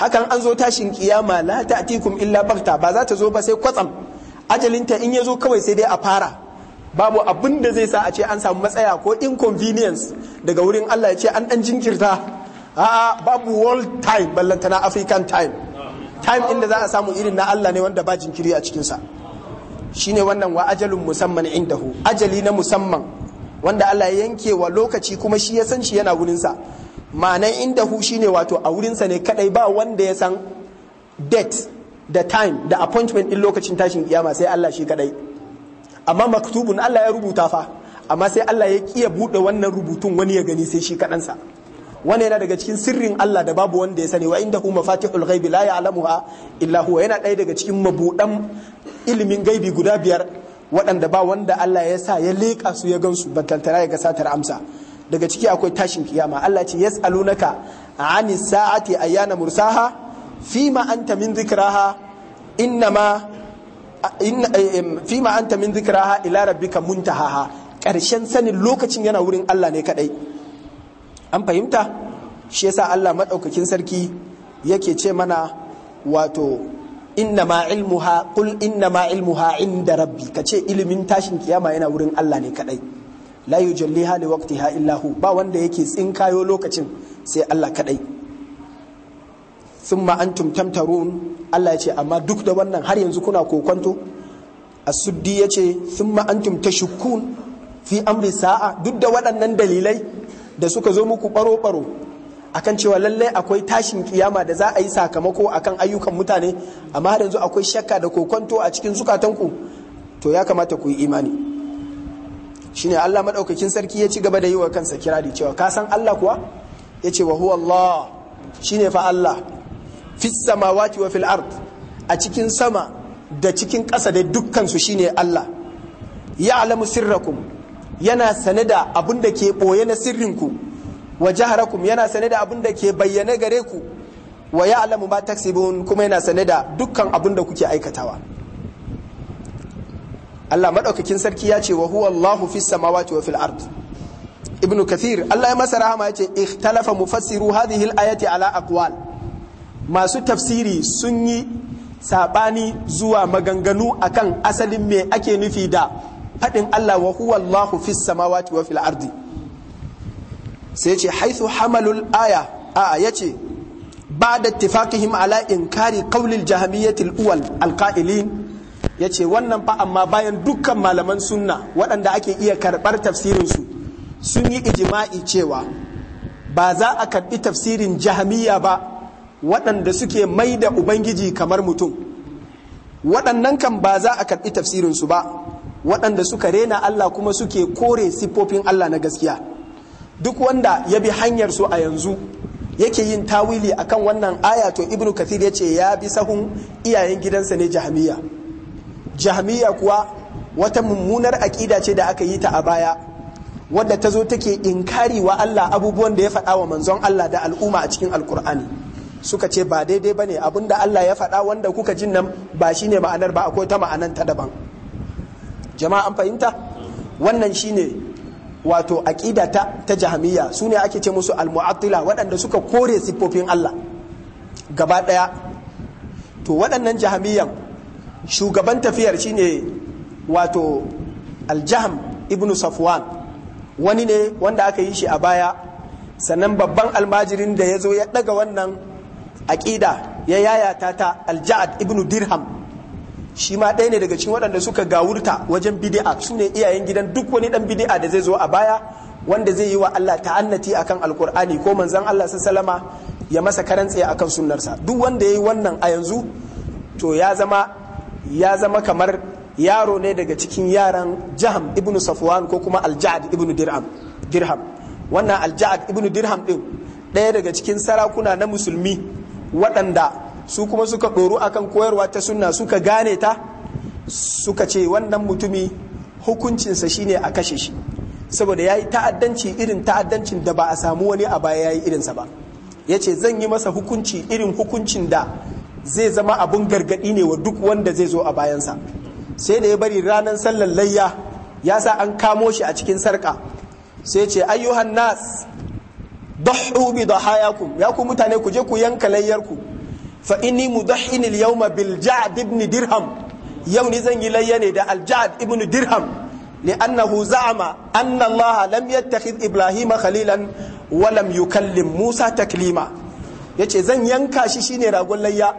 hakan an zo tashin kiyama la ta'tikum illa baghta ba za ta zo ba sai kwatsam ajalinta in ya zo kawai sai dai a fara babu abin da zai sa a ce an samu matsaya ko inconvenience daga wurin Allah ya ce an dan jinkirta a'a babu world time na african time time inda za a samu irin na Allah ne wanda ba jinkiri a cikinsa shine wannan wa ajalun musamman indahu ajali na musamman wanda Allah ya yanke wa lokaci kuma shi ya san shi yana wurinsa ma'anan indahu shine wato a wurinsa ne kadai ba wanda ya san date da time da appointment din lokacin tashin kiyama sai Allah shi kadai amma maktubun Allah ya rubuta fa amma sai Allah ya kiya buɗe wannan rubutun wani ya gani sai shi kaɗansa wani yana daga cikin sirrin Allah da babu wanda ya sani wa inda kuma fatihul ghaibi la ya'lamuha illa huwa yana ɗaya daga cikin mabuɗan ilimin gaibi guda biyar waɗanda ba wanda Allah ya sa ya leƙa su ya gansu bantantana ya ga satar amsa daga ciki akwai tashin kiyama Allah ce yas'alunaka anis sa'ati ayyana mursaha fima anta min dhikraha innama fi ma anta min zikraha ila rabbika muntahaha karshen sanin lokacin yana wurin Allah ne kadai an fahimta shi yasa Allah madaukakin sarki yake ce mana wato inna ma ilmuha qul inna ma ilmuha inda rabbi kace ilimin tashin kiyama yana wurin Allah ne kadai la yujalliha li waqtiha illa hu ba wanda yake tsinkayo lokacin sai Allah kadai sun antum tamtarun Allah ya ce amma duk da wannan har yanzu kuna kokwanto asuddi ya ce sun antum shukun, fi amri sa'a duk da waɗannan dalilai da suka zo muku baro-baro akan cewa lallai akwai tashin kiyama da za a yi sakamako akan ayyukan mutane amma har yanzu akwai shakka da kokwanto a cikin zukatanku to ya kamata ku yi imani shine Allah madaukakin sarki ya ci gaba da yi wa kansa kirari cewa ka san Allah kuwa ya ce wa huwa Allah shine fa Allah fi wa fil ard a cikin sama da cikin ƙasa da dukkansu shine Allah ya alamu sirrakum yana sane da abin da ke ɓoye na sirrinku wa jaharakum yana sane da abin da ke bayyane gare ku wa ya alamu ba taksibun kuma yana sane da dukkan abin da kuke aikatawa Allah maɗaukakin sarki ya ce wa huwa Allahu fis samawati wa fil ard ibn kathir Allah ya masa rahama ya ce ikhtalafa mufassiru hadhihi al ayati ala aqwal masu tafsiri sun yi saɓani zuwa maganganu akan asalin me ake nufi da faɗin Allah wa huwa Allahu fis samawati wa fil ardi sai ce haithu hamalul aya a yace ba da tifakihim ala inkari kaulil jahamiyyatil uwal alqa'ilin yace wannan fa amma bayan dukkan malaman sunna waɗanda ake iya karɓar tafsirinsu sun yi ijima'i cewa ba za a karɓi tafsirin jahamiya ba waɗanda suke mai da ubangiji kamar mutum waɗannan kan ba za a karɓi tafsirinsu ba waɗanda suka rena Allah kuma suke kore siffofin Allah na gaskiya duk wanda ya bi hanyar su a yanzu yake yin tawili akan wannan aya to ibnu kathir ya ce ya bi sahun iyayen gidansa ne jahamiya jahamiya kuwa wata mummunar aƙida ce da aka yi ta a baya wadda ta zo take inkari wa Allah abubuwan da ya faɗa wa manzon Allah da al'umma a cikin alkur'ani suka ce ba daidai ba bane abinda Allah ya faɗa wanda kuka jin nan ba shi ne ma'anar ba akwai ta ma'anar ta daban jama'a an fahimta wannan shine wato aƙida ta ta jahamiyya su ne ake ce musu almu'attila waɗanda suka kore siffofin Allah gaba ɗaya to waɗannan jahamiyyan shugaban tafiyar shine wato aljaham ibn safwan wani ne wanda aka yi shi a baya sannan babban almajirin da ya zo ya ɗaga wannan aƙida ya yayata ta alja'ad ibnu dirham shi ma ɗaya ne daga cikin waɗanda suka gawurta wajen bid'a sune iyayen gidan duk wani dan bid'a da zai zo a baya wanda zai yi wa Allah ta'annati akan alkur'ani ko manzon Allah sallama ya masa karantse akan sunnarsa duk wanda yayi wannan a yanzu to ya zama ya zama kamar yaro ne daga cikin yaran Jaham ibnu Safwan ko kuma al ibnu Dirham Dirham wannan al ibnu Dirham din ɗaya daga cikin sarakuna na musulmi waɗanda su kuma suka ɗoru akan koyarwa ta sunna suka gane ta suka ce wannan mutumi hukuncinsa shine a kashe shi saboda ya yi ta'addanci irin ta'addancin da ba a samu wani a baya ya yi irinsa ba ya ce zan yi masa hukunci irin hukuncin da zai zama abun gargaɗi ne wa duk wanda zai zo a bayansa sai da ya bari ranar sallar layya ya sa an kamo shi a cikin sarka sai ce ayyuhan nas dahu bi dahayakum ya ku mutane ku je ku yanka layyarku fa inni mudahhin al yawma bil ja'd ibn dirham yau ni zan yi layya ne da al ja'd ibn dirham لأنه زعم أن الله لم Ibrahim Khalilan walam ولم يكلم Musa Taklima. yace zan yanka shi shine ragon layya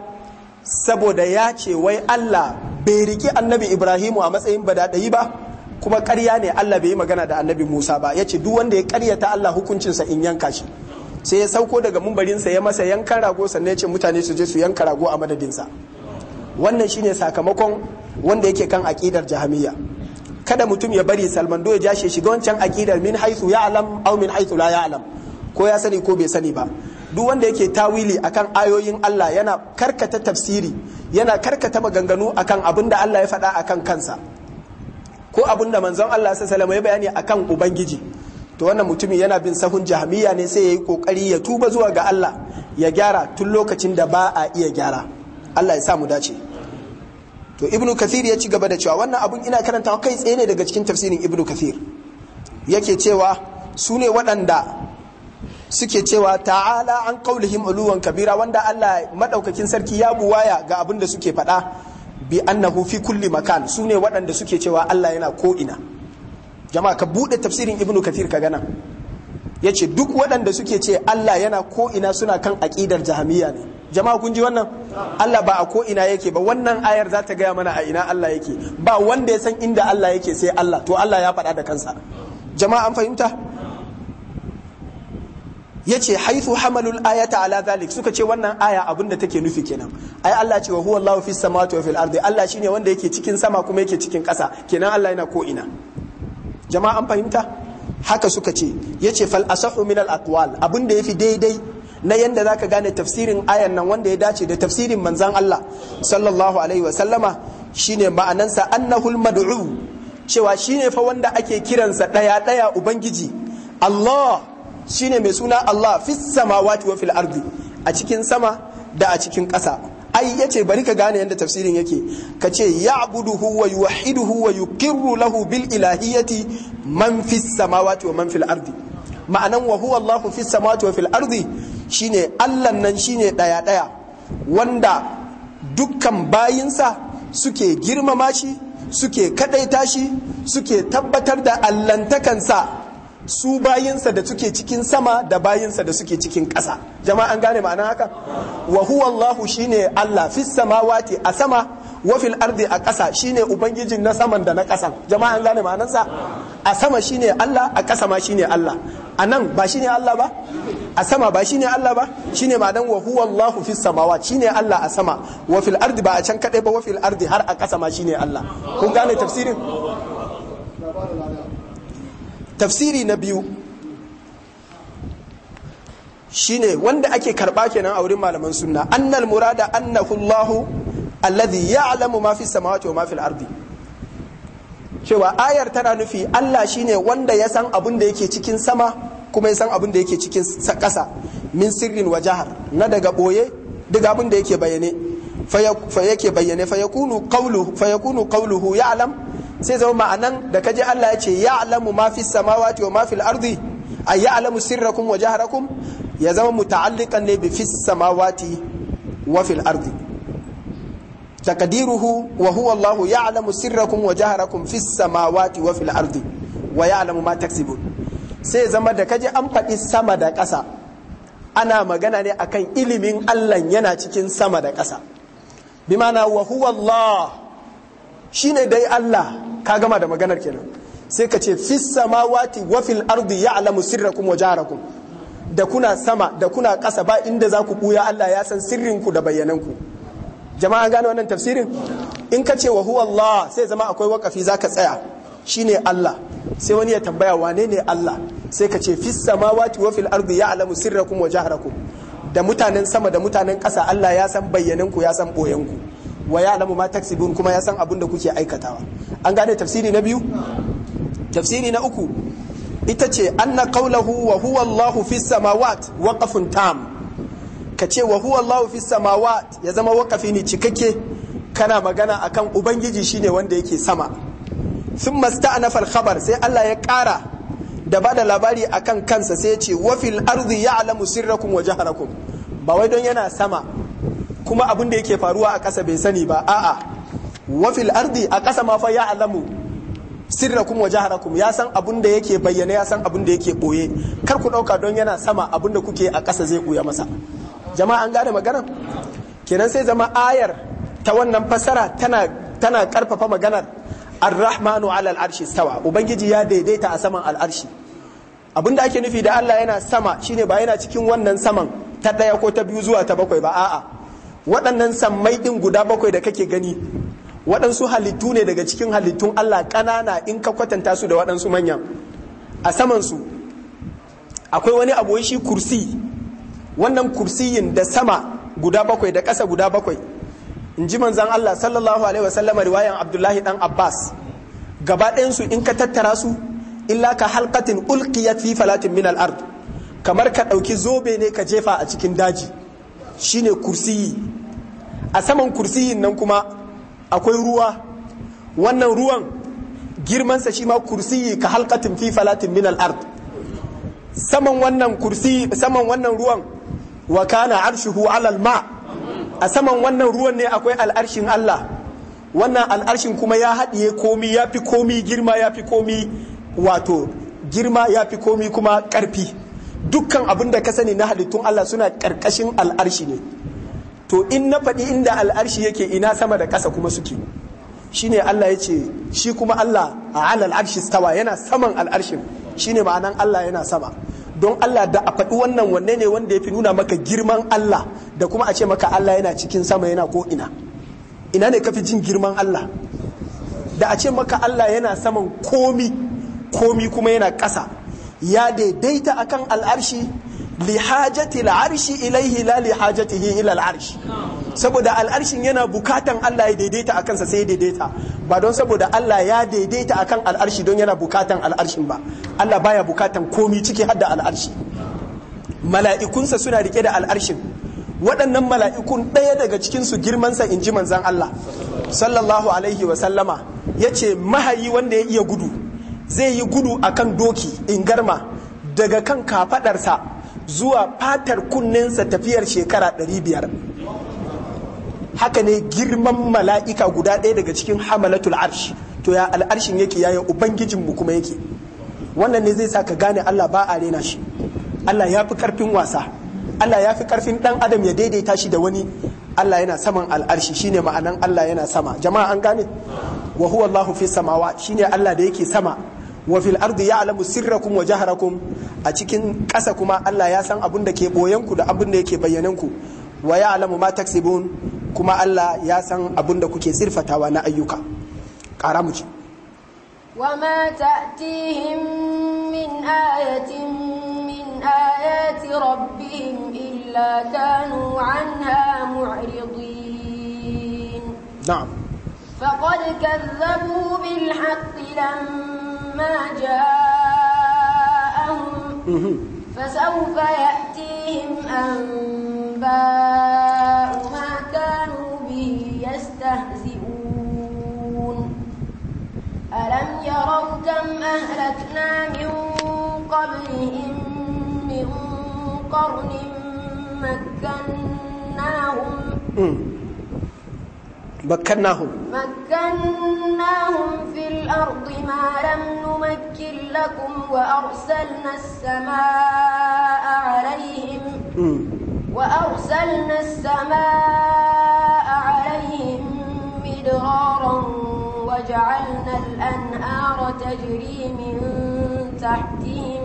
saboda ya ce wai Allah bai riki annabi Ibrahim a matsayin badadayi ba kuma ƙarya ne Allah bai yi magana da annabi Musa ba ya ce duk wanda ya ƙaryata Allah hukuncinsa in yanka shi sai ya sauko daga mumbarinsa ya masa yankan rago sannan ya ce mutane su je su yanka rago a madadinsa wannan shine sakamakon wanda yake kan aƙidar jahamiyya kada mutum ya bari salmando ya ja jashe shiga wancan aƙidar min haithu ya alam au min haithu la ya alam ko ya sani ko bai sani ba duk wanda yake tawili akan ayoyin Allah yana karkata tafsiri yana karkata maganganu akan abin da Allah ya faɗa akan kansa ko abin da manzon Allah salama ya bayani akan ubangiji to wannan mutumin yana bin sahun jahmiya ne sai yayi kokari ya tuba zuwa ga Allah ya gyara tun lokacin da ba a iya gyara Allah ya sa mu dace to ibnu kathir ya ci gaba da cewa wannan abun ina karanta kai tsaye ne daga cikin tafsirin ibnu kathir yake cewa su ne waɗanda suke cewa ta'ala an qaulihim uluwan kabira wanda Allah madaukakin sarki ya buwaya ga abin da suke faɗa bi annahu fi kulli makan su ne waɗanda suke cewa Allah yana ko ina jama'a ka buɗe tafsirin ibnu kathir ka gana ya ce duk waɗanda suke ce Allah yana ko ina suna kan aƙidar jahamiya ne jama'a kun ji wannan Allah ba a ko ina yake ba wannan ayar za ta gaya mana a ina Allah yake ba wanda ya san inda Allah yake sai Allah to Allah ya faɗa da kansa jama'a an fahimta yace haithu hamalul ayata ala zalik suka ce wannan aya abun da take nufi kenan ai Allah ce wa huwa Allahu fis samawati wa fil ardi Allah shine wanda yake cikin sama kuma yake cikin ƙasa kenan Allah yana ko ina jama'a an fahimta haka suka ce yace fal asahu min al aqwal abin da yafi daidai na yanda zaka gane tafsirin ayan nan wanda ya dace da tafsirin manzon Allah sallallahu alaihi wa sallama shine ma'anansa annahul mad'u cewa shine fa wanda ake kiransa daya daya ubangiji Allah shine mai suna Allah fi samawati wa fil ardi a cikin sama da a cikin ƙasa ai yace bari ka gane yanda tafsirin yake ka ce ya'buduhu wa yuwahhiduhu wa yuqirru lahu bil ilahiyyati man fi samawati wa man fil ardi ma'anan wa huwa Allah fi samawati wa fil ardi shine Allah nan shine daya daya wanda dukkan bayinsa suke girmama shi suke kadaita shi suke tabbatar da allantakansa su bayinsa da suke cikin sama da bayinsa da suke cikin ƙasa jama'a an gane ma'ana haka wa huwa Allahu shine Allah fis samawati a sama wa fil ardi a ƙasa shine ubangijin na saman da na ƙasan jama'a an gane ma'anarsa a sama shine Allah a ƙasa ma shine Allah a nan ba shine Allah ba a sama ba shine Allah ba shine ma'anar wa huwa Allahu fis samawati shine Allah a sama wa fil ardi ba a can kadai ba wa fil ardi har a ƙasa ma shine Allah kun gane tafsirin tafsiri na biyu shine wanda ake karba kenan a wurin malaman sunna annal murada annahu Allah alladhi ya'lamu ma fi samawati wa ma ardi cewa ayar tana nufi Allah shine wanda ya san abin da yake cikin sama kuma ya san abin da yake cikin ƙasa min sirrin wajahar na daga boye duk abin da yake bayyane fa yake bayyane fa yakunu qawluhu fa yakunu qawluhu ya'lam sai zama ma'anan da kaji Allah ya ce ya alamu ma fi samawati wa ma fil ardi ya alamu sirrakum wa jahrakum ya zama muta'alliqan ne bi fi samawati wa fil ardi taqdiruhu wa huwa Allah ya'lamu sirrakum wa jahrakum fi samawati wa fil ardi wa alamu ma taksibun sai zama da kaji an faɗi sama da ƙasa ana magana ne akan ilimin Allah yana cikin sama da ƙasa bi ma'ana wa huwa Allah Shi ne dai Allah ka gama da maganar kenan sai ka ce fissa ma wa wafil ardi ya alamu wa wajarakun da kuna sama da kuna ƙasa ba inda za ku buya Allah ya san sirrinku da bayyananku jama'a gane wannan tafsirin in ka ce wa huwa Allah sai zama akwai wakafi za ka tsaya ne Allah sai wani ya tambaya wane ne Allah sai ka ce fissa ma wa wafil ardi ya alamu wa wajarakun da mutanen sama da mutanen ƙasa Allah ya san bayyananku ya san boyanku wa alamu ma taksibun kuma ya san abin da kuke aikatawa an gane tafsiri na biyu tafsiri na uku ita ce anna qawluhu wa huwa Allahu fis samawat waqafun tam ka ce wa huwa Allahu fis samawat ya zama waqafi ne cikakke kana magana akan ubangiji shine wanda yake sama sun sta'nafa al-khabar sai Allah ya ƙara da bada labari akan kansa sai ya ce wa fil ardi ya'lamu sirrakum wa jaharakum ba wai don yana sama kuma abin da yake faruwa a ƙasa bai sani ba a'a wafil ardi a ƙasa ma fa ya alamu sirrakum wa jaharakum ya san abin da yake bayyana ya san abin da yake boye kar ku ɗauka don yana sama abin da kuke a ƙasa zai ɓuya masa jama'a an gane magana kenan sai zama ayar ta wannan fasara tana tana karfafa maganar arrahmanu ala al'arshi arshi ubangiji ya daidaita a saman al'arshi arshi da ake nufi da Allah yana sama shine ba yana cikin wannan saman ta ɗaya ko ta biyu zuwa ta bakwai ba a'a waɗannan sammai ɗin guda bakwai da kake gani waɗansu halittu ne daga cikin halittun Allah ƙanana in ka kwatanta su da waɗansu manya a samansu akwai wani abu shi kursi wannan kursiyin da sama guda bakwai da ƙasa guda bakwai in ji manzan Allah sallallahu alaihi wasallama riwayan Abdullahi dan Abbas gaba ɗayansu in ka tattara su illa ka halkatin ulqiyat fi falatin min al kamar ka ɗauki zobe ne ka jefa a cikin daji shine kursiyi a saman kursiyin nan kuma akwai ruwa wannan ruwan girmansa shi ma kursiyi ka halkatin fi falatin min al saman wannan kursiyi saman wannan ruwan wa kana arshuhu ala ma a saman wannan ruwan ne akwai al'arshin Allah wannan al'arshin kuma ya haɗiye komi ya fi komi girma ya fi komi wato girma ya fi komi kuma ƙarfi dukkan abin da ka sani na halittun Allah suna ƙarƙashin al'arshi ne to in na faɗi inda al'arshi yake ina sama da ƙasa kuma suke shine Allah ya ce shi kuma Allah a alal arshi stawa yana saman al'arshin shine ma'anan Allah yana sama don Allah da a faɗi wannan wanne ne wanda ya fi nuna maka girman Allah da kuma a ce maka Allah yana cikin sama yana ko ina ina ne kafi jin girman Allah da a ce maka Allah yana saman komi komi kuma yana ƙasa ya daidaita akan al'arshi lihajati hajati al'arshi ilaihi la li ila al'arshi saboda al'arshin yana bukatan Allah ya daidaita a kansa sai ya daidaita ba don saboda Allah ya daidaita akan al'arshi don yana bukatan al'arshin ba Allah baya bukatan komi ciki har da al'arshi mala'ikunsa suna rike da al'arshin waɗannan mala'ikun ɗaya daga cikinsu girmansa in ji manzan Allah sallallahu alaihi wa sallama ya ce mahayi wanda ya iya gudu zai yi gudu akan doki in garma daga kan kafaɗarsa zuwa fatar kunninsa tafiyar shekara 500 haka ne girman mala'ika guda ɗaya daga cikin hamalatul arshi to ya al'arshin yake yaya ubangijinmu kuma yake wannan ne zai sa ka gane allah ba a rena shi allah ya fi karfin wasa allah ya fi karfin ɗan adam ya daidaita shi da wani allah yana saman al'arshi shine ma'anan allah yana sama jama'a an gane wa huwa fi samawa shine allah da yake sama wa fil ardi sirra sirrakum wa jahrakum a cikin ƙasa kuma Allah ya san abin da ke boyen ku da abin da yake bayyanan ku wa alamu ma taksibun kuma Allah ya san abin da kuke sirfatawa na ayyuka ƙara mu ci wa ma ta'tihim min ayatin min ayati rabbihim illa kanu anha mu'ridin na'am faqad kadzabu bil haqqi lam ما جاءهم فسوف يأتيهم أنباء ما كانوا به يستهزئون ألم يروا كم أهلكنا من قبلهم من قرن مكناهم مكناهم مكناهم في الأرض ما لم نمكن لكم وأرسلنا السماء عليهم وأرسلنا السماء عليهم مدرارا وجعلنا الأنهار تجري من تحتهم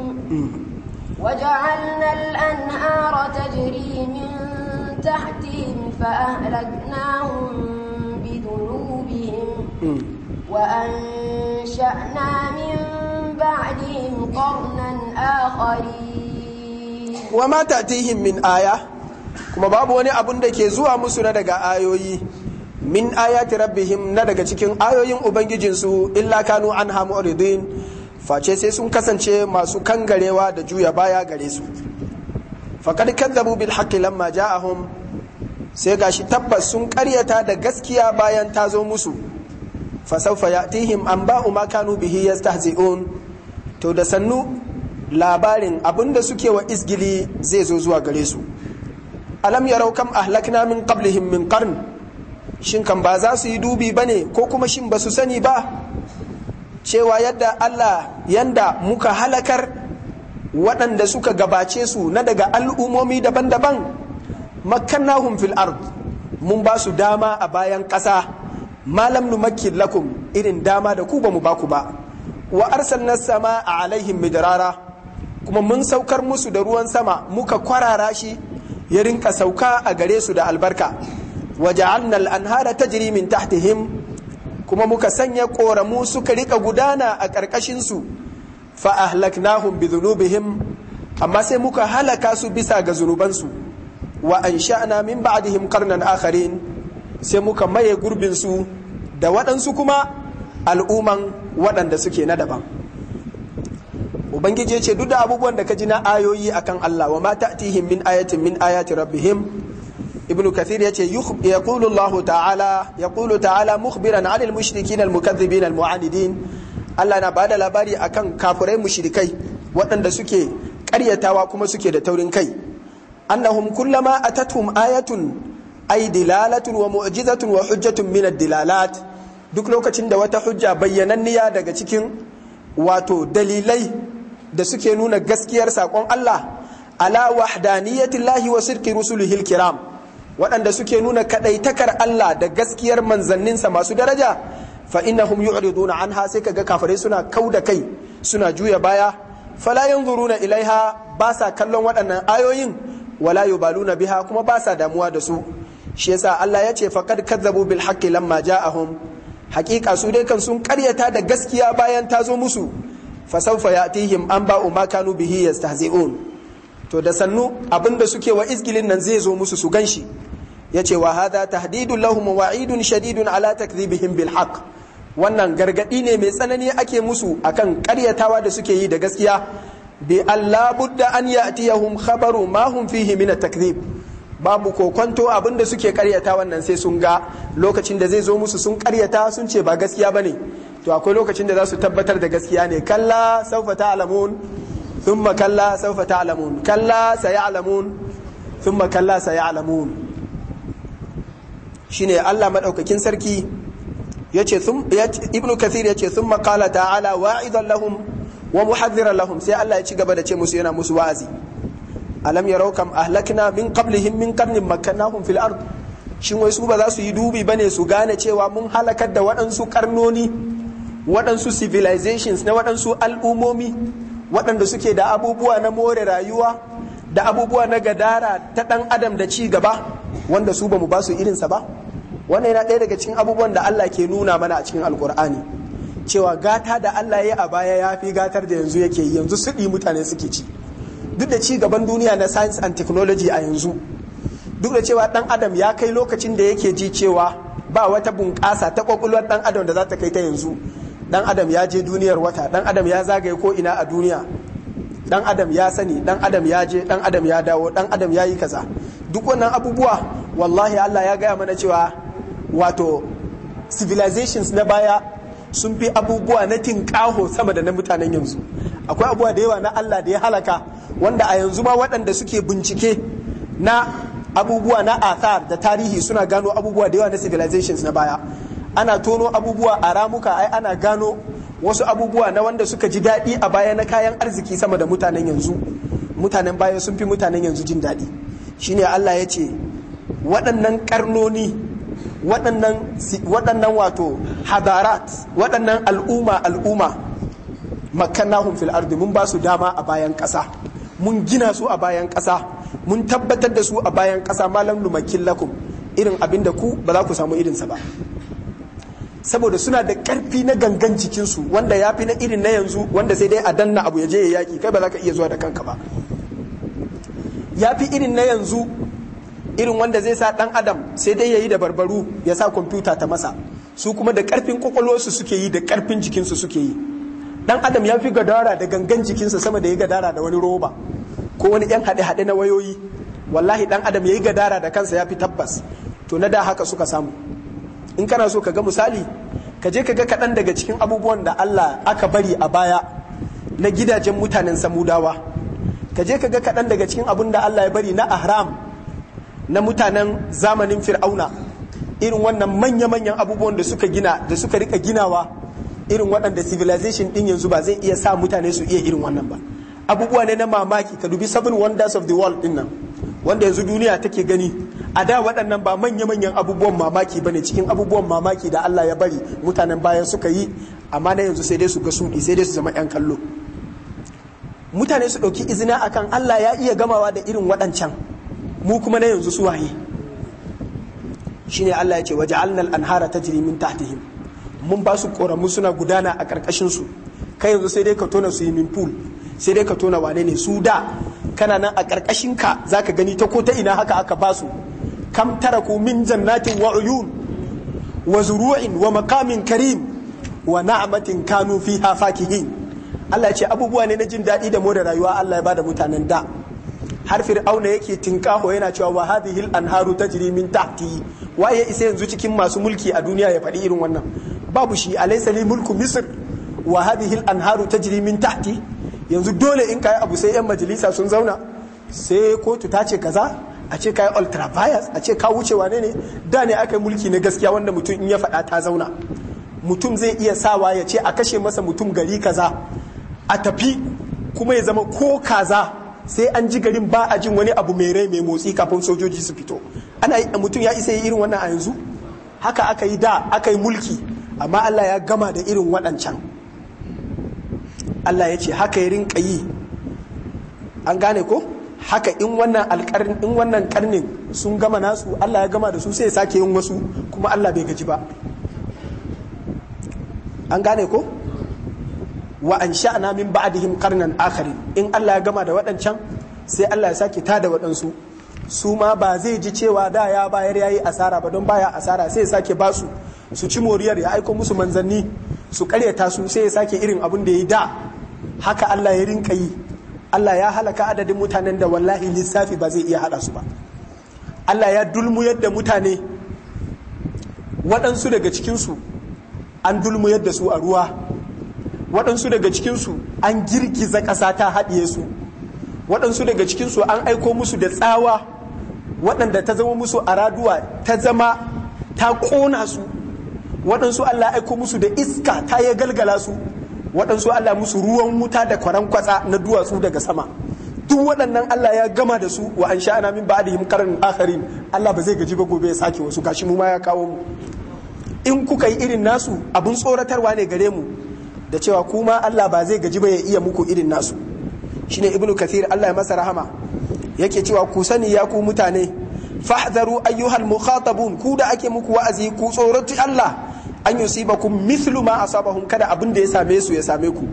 وجعلنا الأنهار تجري من تحتهم فأهلكناهم قلوبهم وأنشأنا من بعدهم قرنا آخرين وما تأتيهم من آية kuma babu wani abun da ke zuwa musu na daga ayoyi min ayati rabbihim na daga cikin ayoyin ubangijinsu illa kanu an hamu face sai sun kasance masu kangarewa da juya baya gare su faƙar kazzabu bil haqqi lamma ja'ahum sai gashi tabbas sun karyata da gaskiya bayan ta zo musu fasaufa tihim an ba ma kanu bihi yastahzi'un to da sannu labarin abinda suke wa isgili zai zo zuwa gare su alam yarau kam ahlakna min qablihim min qarn shin kan ba za su yi dubi ba ne ko kuma shin ba su sani ba cewa yadda Allah yanda muka halakar waɗanda suka gabace su na daga al'ummomi daban-daban Makkan fil ard mun ba su dama a bayan ƙasa malam nu lakum irin dama da ku ba mu ba ku ba wa arsalna sama a alaihim midrara kuma mun saukar musu da ruwan sama muka kwarara shi ya rinka sauka a gare su da albarka wa ja'alna al-anhara tajri min tahtihim kuma muka sanya koramu suka rika gudana a ƙarƙashin su fa ahlaknahum bi dhunubihim amma sai muka halaka su bisa ga zunubansu wa ansha'na min ba'dihim qarnan akharin sai muka maye gurbin su da waɗansu kuma al'umman waɗanda suke na daban ubangiji ce duk da abubuwan da ka ji na ayoyi akan Allah wa ma ta'tihim min ayatin min ayati rabbihim ابن كثير يتي يقول الله تعالى يقول تعالى مخبرا عن المشركين المكذبين المعاندين الله na bada labari akan kafurai mushrikai waɗanda suke karyatawa kuma suke da taurin kai annahum kullama atathum ayatun ay dilalatun wa mu'jizatun wa hujjatun min dilalat duk lokacin da wata hujja bayyananniya daga cikin wato dalilai da suke nuna gaskiyar sakon Allah ala wahdaniyatillahi wa sirki rusulihil kiram waɗanda suke nuna kaɗaitakar Allah da gaskiyar manzanninsa masu daraja fa innahum yu'riduna anha sai kaga kafirai suna kau da kai suna juya baya fala yanzuruna ilaiha ba sa kallon waɗannan ayoyin wala yubaluna biha kuma ba sa damuwa da su shi yasa Allah ya ce faqad kazzabu bil haqqi lamma ja'ahum haqiqa su dai kan sun karyata da gaskiya bayan ta zo musu fa sawfa ya'tihim an ba'u kanu bihi yastahzi'un to da sannu abinda suke wa izgilin nan zai zo musu su ganshi yace wa hadha tahdidun lahum wa'idun shadidun ala takdhibihim bil haqq wannan gargadi ne mai tsanani ake musu akan karyatawa da suke yi da gaskiya bi Allah budda an ya'tiyahum khabaru ma hum fihi min takdhib babu kokonto abin da suke karyata wannan sai sun ga lokacin da zai zo musu sun karyata sun ce ba gaskiya bane to akwai lokacin da za su tabbatar da gaskiya ne kalla sawfa ta'lamun thumma kalla sawfa ta'lamun kalla sayalamun thumma kalla sayalamun shine Allah madaukakin sarki yace ibnu kathir yace thumma qala ta'ala wa'idan lahum wa muhadhdhiran lahum sai Allah ya ci gaba da ce musu yana musu wa'azi alam yarau kam ahlakna min qablihim min qarnin makkannahum fil ard shin wai su ba za su yi dubi bane su gane cewa mun halakar da waɗansu karnoni waɗansu civilizations na waɗansu al'umomi waɗanda suke da abubuwa na more rayuwa da abubuwa na gadara ta ɗan adam da ci gaba wanda su ba mu ba su irinsa ba wannan yana ɗaya daga cikin abubuwan da Allah ke nuna mana a cikin alkur'ani cewa gata da Allah ya a baya ya fi gatar da yanzu yake yi yanzu suɗi mutane suke ci duk da ci gaban duniya na science and technology a yanzu duk da cewa dan adam ya kai lokacin da yake ji cewa ba wata bunƙasa ta ƙwaƙwalwar dan adam da za ta kai ta yanzu dan adam ya je duniyar wata dan adam ya zagaye ko ina a duniya dan adam ya sani dan adam ya je dan adam ya dawo dan adam ya yi kaza duk wannan abubuwa wallahi Allah ya gaya mana cewa wato civilizations na baya sun fi abubuwa na tinkaho sama da na mutanen yanzu akwai abubuwa da yawa na Allah da ya halaka wanda a yanzu ma waɗanda suke bincike na abubuwa na athar da tarihi suna gano abubuwa da yawa na civilizations na baya ana tono abubuwa a ramuka ai ana gano wasu abubuwa na wanda suka ji daɗi a baya na kayan arziki sama da mutanen yanzu mutanen baya sun fi mutanen yanzu jin daɗi shine Allah ya ce waɗannan karnoni waɗannan wato hadarat waɗannan al'umma al'umma makannahum fil ardi mun ba su dama a bayan ƙasa mun gina su a bayan ƙasa mun tabbatar da su a bayan ƙasa malam lumakin lakum irin abin da ku ba za ku samu irinsa ba saboda suna da ƙarfi na gangan cikinsu wanda ya fi na irin na yanzu wanda sai dai a danna abu ya je ya yaƙi kai ba za ka iya zuwa da kanka ba ya fi irin na yanzu irin wanda zai sa dan adam sai dai yayi da barbaru ya sa kwamfuta ta masa su kuma da karfin kwakwalwarsu suke yi da karfin jikinsu suke yi dan adam ya fi gadara da gangan jikinsa sama da ya gadara da wani roba ko wani yan haɗe-haɗe na wayoyi wallahi dan adam ya yi gadara da kansa ya fi tabbas to na da haka suka samu in kana so ka ga misali ka je ka ga kaɗan daga cikin abubuwan da Allah aka bari a baya na gidajen mutanen samudawa ka je ka ga kaɗan daga cikin abun da Allah ya bari na ahram na mutanen zamanin fir'auna irin wannan manya-manyan abubuwan da suka gina da suka rika ginawa irin waɗanda civilization ɗin yanzu ba zai iya sa mutane su iya irin wannan ba abubuwa ne na mamaki ka dubi seven wonders of the world ɗin nan wanda yanzu duniya take gani a da waɗannan ba manya-manyan abubuwan mamaki ba ne cikin abubuwan mamaki da Allah ya bari mutanen bayan suka yi amma na yanzu sai dai su ga suɗi sai dai su zama 'yan kallo mutane su ɗauki izina akan Allah ya iya gamawa da irin waɗancan mu kuma na yanzu su waye shine Allah ya ce waje waja'alnal ta tajri min tahtihim mun ba su koramu suna gudana a karkashin su kai yanzu sai dai ka tona yi pool sai dai ka tona wane ne su da kana nan a karkashin ka zaka gani ta ko ta ina haka aka ba su kam tara ku min jannatin wa uyun wa zuru'in wa maqamin karim wa na'matin kanu fiha fakihin Allah ya ce abubuwa ne na jin daɗi da more rayuwa Allah ya bada mutanen da har fir'auna yake tinkaho yana cewa wa hadhihi al-anharu tajri min tahti waye ya isa yanzu cikin masu mulki a duniya ya faɗi irin wannan babu shi alaysa li mulku misr wa hadhihi al-anharu tajri min tahti yanzu dole in kai abu sai yan majalisa sun zauna sai kotu ta ce kaza a ce kai ultra bias a ce ka wuce wane ne da ne aka mulki na gaskiya wanda mutum in ya faɗa ta zauna mutum zai iya sawa ya ce a kashe masa mutum gari kaza a tafi kuma ya zama ko kaza sai an ji garin ba a jin wani abu mai rai mai motsi kafin sojoji su fito ana mutum ya isa yi irin wannan a yanzu haka aka yi da aka yi mulki amma Allah ya gama da irin waɗancan Allah ya ce haka yi rinka yi an gane ko haka in wannan alƙarnin in wannan karnin sun gama nasu Allah ya gama da su sai ya sake yin wasu kuma Allah bai gaji ba an gane ko wa an sha'ana min ba'dihim qarnan akharin in Allah ya gama da waɗancan sai Allah ya sake da waɗansu su ma ba zai ji cewa da ya bayar yayi asara ba don baya asara sai ya sake ba su su ci moriyar ya aiko musu manzanni su karyata su sai ya sake irin abun da ya da haka Allah ya rinka yi Allah ya halaka adadin mutanen da wallahi lissafi ba zai iya hada su ba Allah ya dulmu yadda mutane waɗansu daga cikinsu an dulmu yadda su a ruwa waɗansu daga cikinsu an girgiza ƙasa ta haɗiye su waɗansu daga cikinsu an aiko musu da tsawa waɗanda ta zama musu a raduwa ta zama ta ƙona su waɗansu Allah aiko musu da iska ta yi galgala su waɗansu Allah musu ruwan wuta da kwaran kwatsa na duwatsu daga sama duk waɗannan Allah ya gama da su wa an sha'ana min ba'dihim qarnin akharin Allah ba zai gaji ba gobe ya sake wasu gashi mu ma ya kawo mu in kuka yi irin nasu abun tsoratarwa ne gare mu da cewa kuma Allah ba zai gaji ba ya iya muku irin nasu shine ibnu kathir Allah ya masa rahama yake cewa ku sani ya ku mutane fahdharu ayyuhal mukhatabun ku da ake muku wa'azi ku tsoratu Allah an yusibakum mithlu ma asabahum kada abin da ya same su ya same ku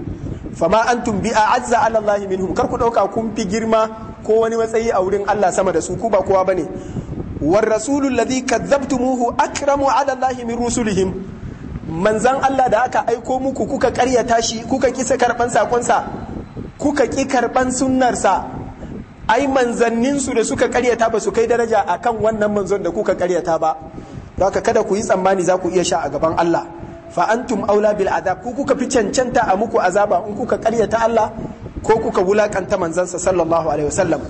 fama antum bi a'azza ala Allah minhum kar ku dauka kun fi girma ko wani matsayi a wurin Allah sama da su ku ba kowa bane war rasulul ladhi kadzabtumuhu akramu ala Allah min rusulihim manzan Allah da aka aiko muku kuka karyata shi kuka kisa karban sakonsa kuka ki karban sunnarsa ai manzanninsu da suka karyata ba su kai daraja akan wannan manzon da kuka karyata ba haka kada ku yi tsammani za ku iya sha a gaban Allah fa antum aula bil adab ku kuka fi cancanta a muku azaba in kuka karyata Allah ko kuka wulakanta manzansa sallallahu alaihi wasallam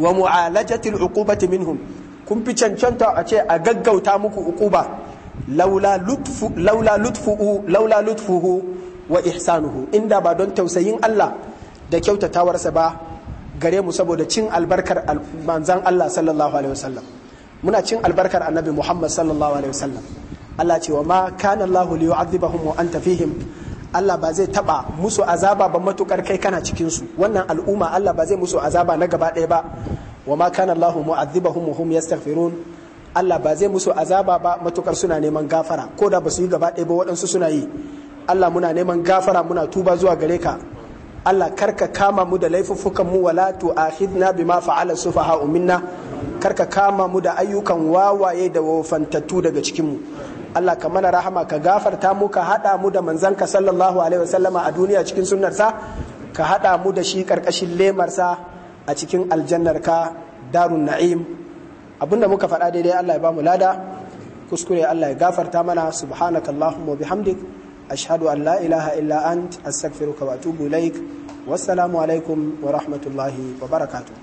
wa mu'alajatil uqubati minhum kun fi cancanta a ce a gaggauta muku uquba laula lutfu lutfuhu laula lutfuhu wa ihsanuhu inda ba don tausayin Allah da kyautatawarsa ba gare mu saboda cin albarkar manzan Allah sallallahu alaihi wasallam muna cin albarkar annabi Muhammad sallallahu alaihi wasallam Allah ce wa ma kana Allah li yu'adhibahum wa anta fihim Allah ba zai taba musu azaba ba matukar kai kana cikin su wannan al'umma Allah ba zai musu azaba na gaba ɗaya ba wa ma kana Allah mu'adhibahum hum yastaghfirun Allah ba zai musu azaba ba matukar suna neman gafara ko da ba su yi gaba ɗaya ba waɗansu suna yi Allah muna neman gafara muna tuba zuwa gare ka Allah karka kama mu da laifuffukan mu wala akhidna bima fa'ala sufaha minna karka kama mu da ayyukan wawaye da wofantattu daga cikin mu Allah ka mana rahama ka gafarta mu ka hada mu da manzanka sallallahu alaihi wasallama a duniya cikin sunnarsa ka hada mu da shi karkashin lemarsa a cikin aljannarka darun na'im abinda muka faɗa daidai Allah ya bamu lada kuskure Allah ya gafarta mana subhanakallahumma wa bihamdik ashhadu an la ilaha illa ant astaghfiruka wa atubu ilaik wassalamu alaikum wa rahmatullahi wa barakatuh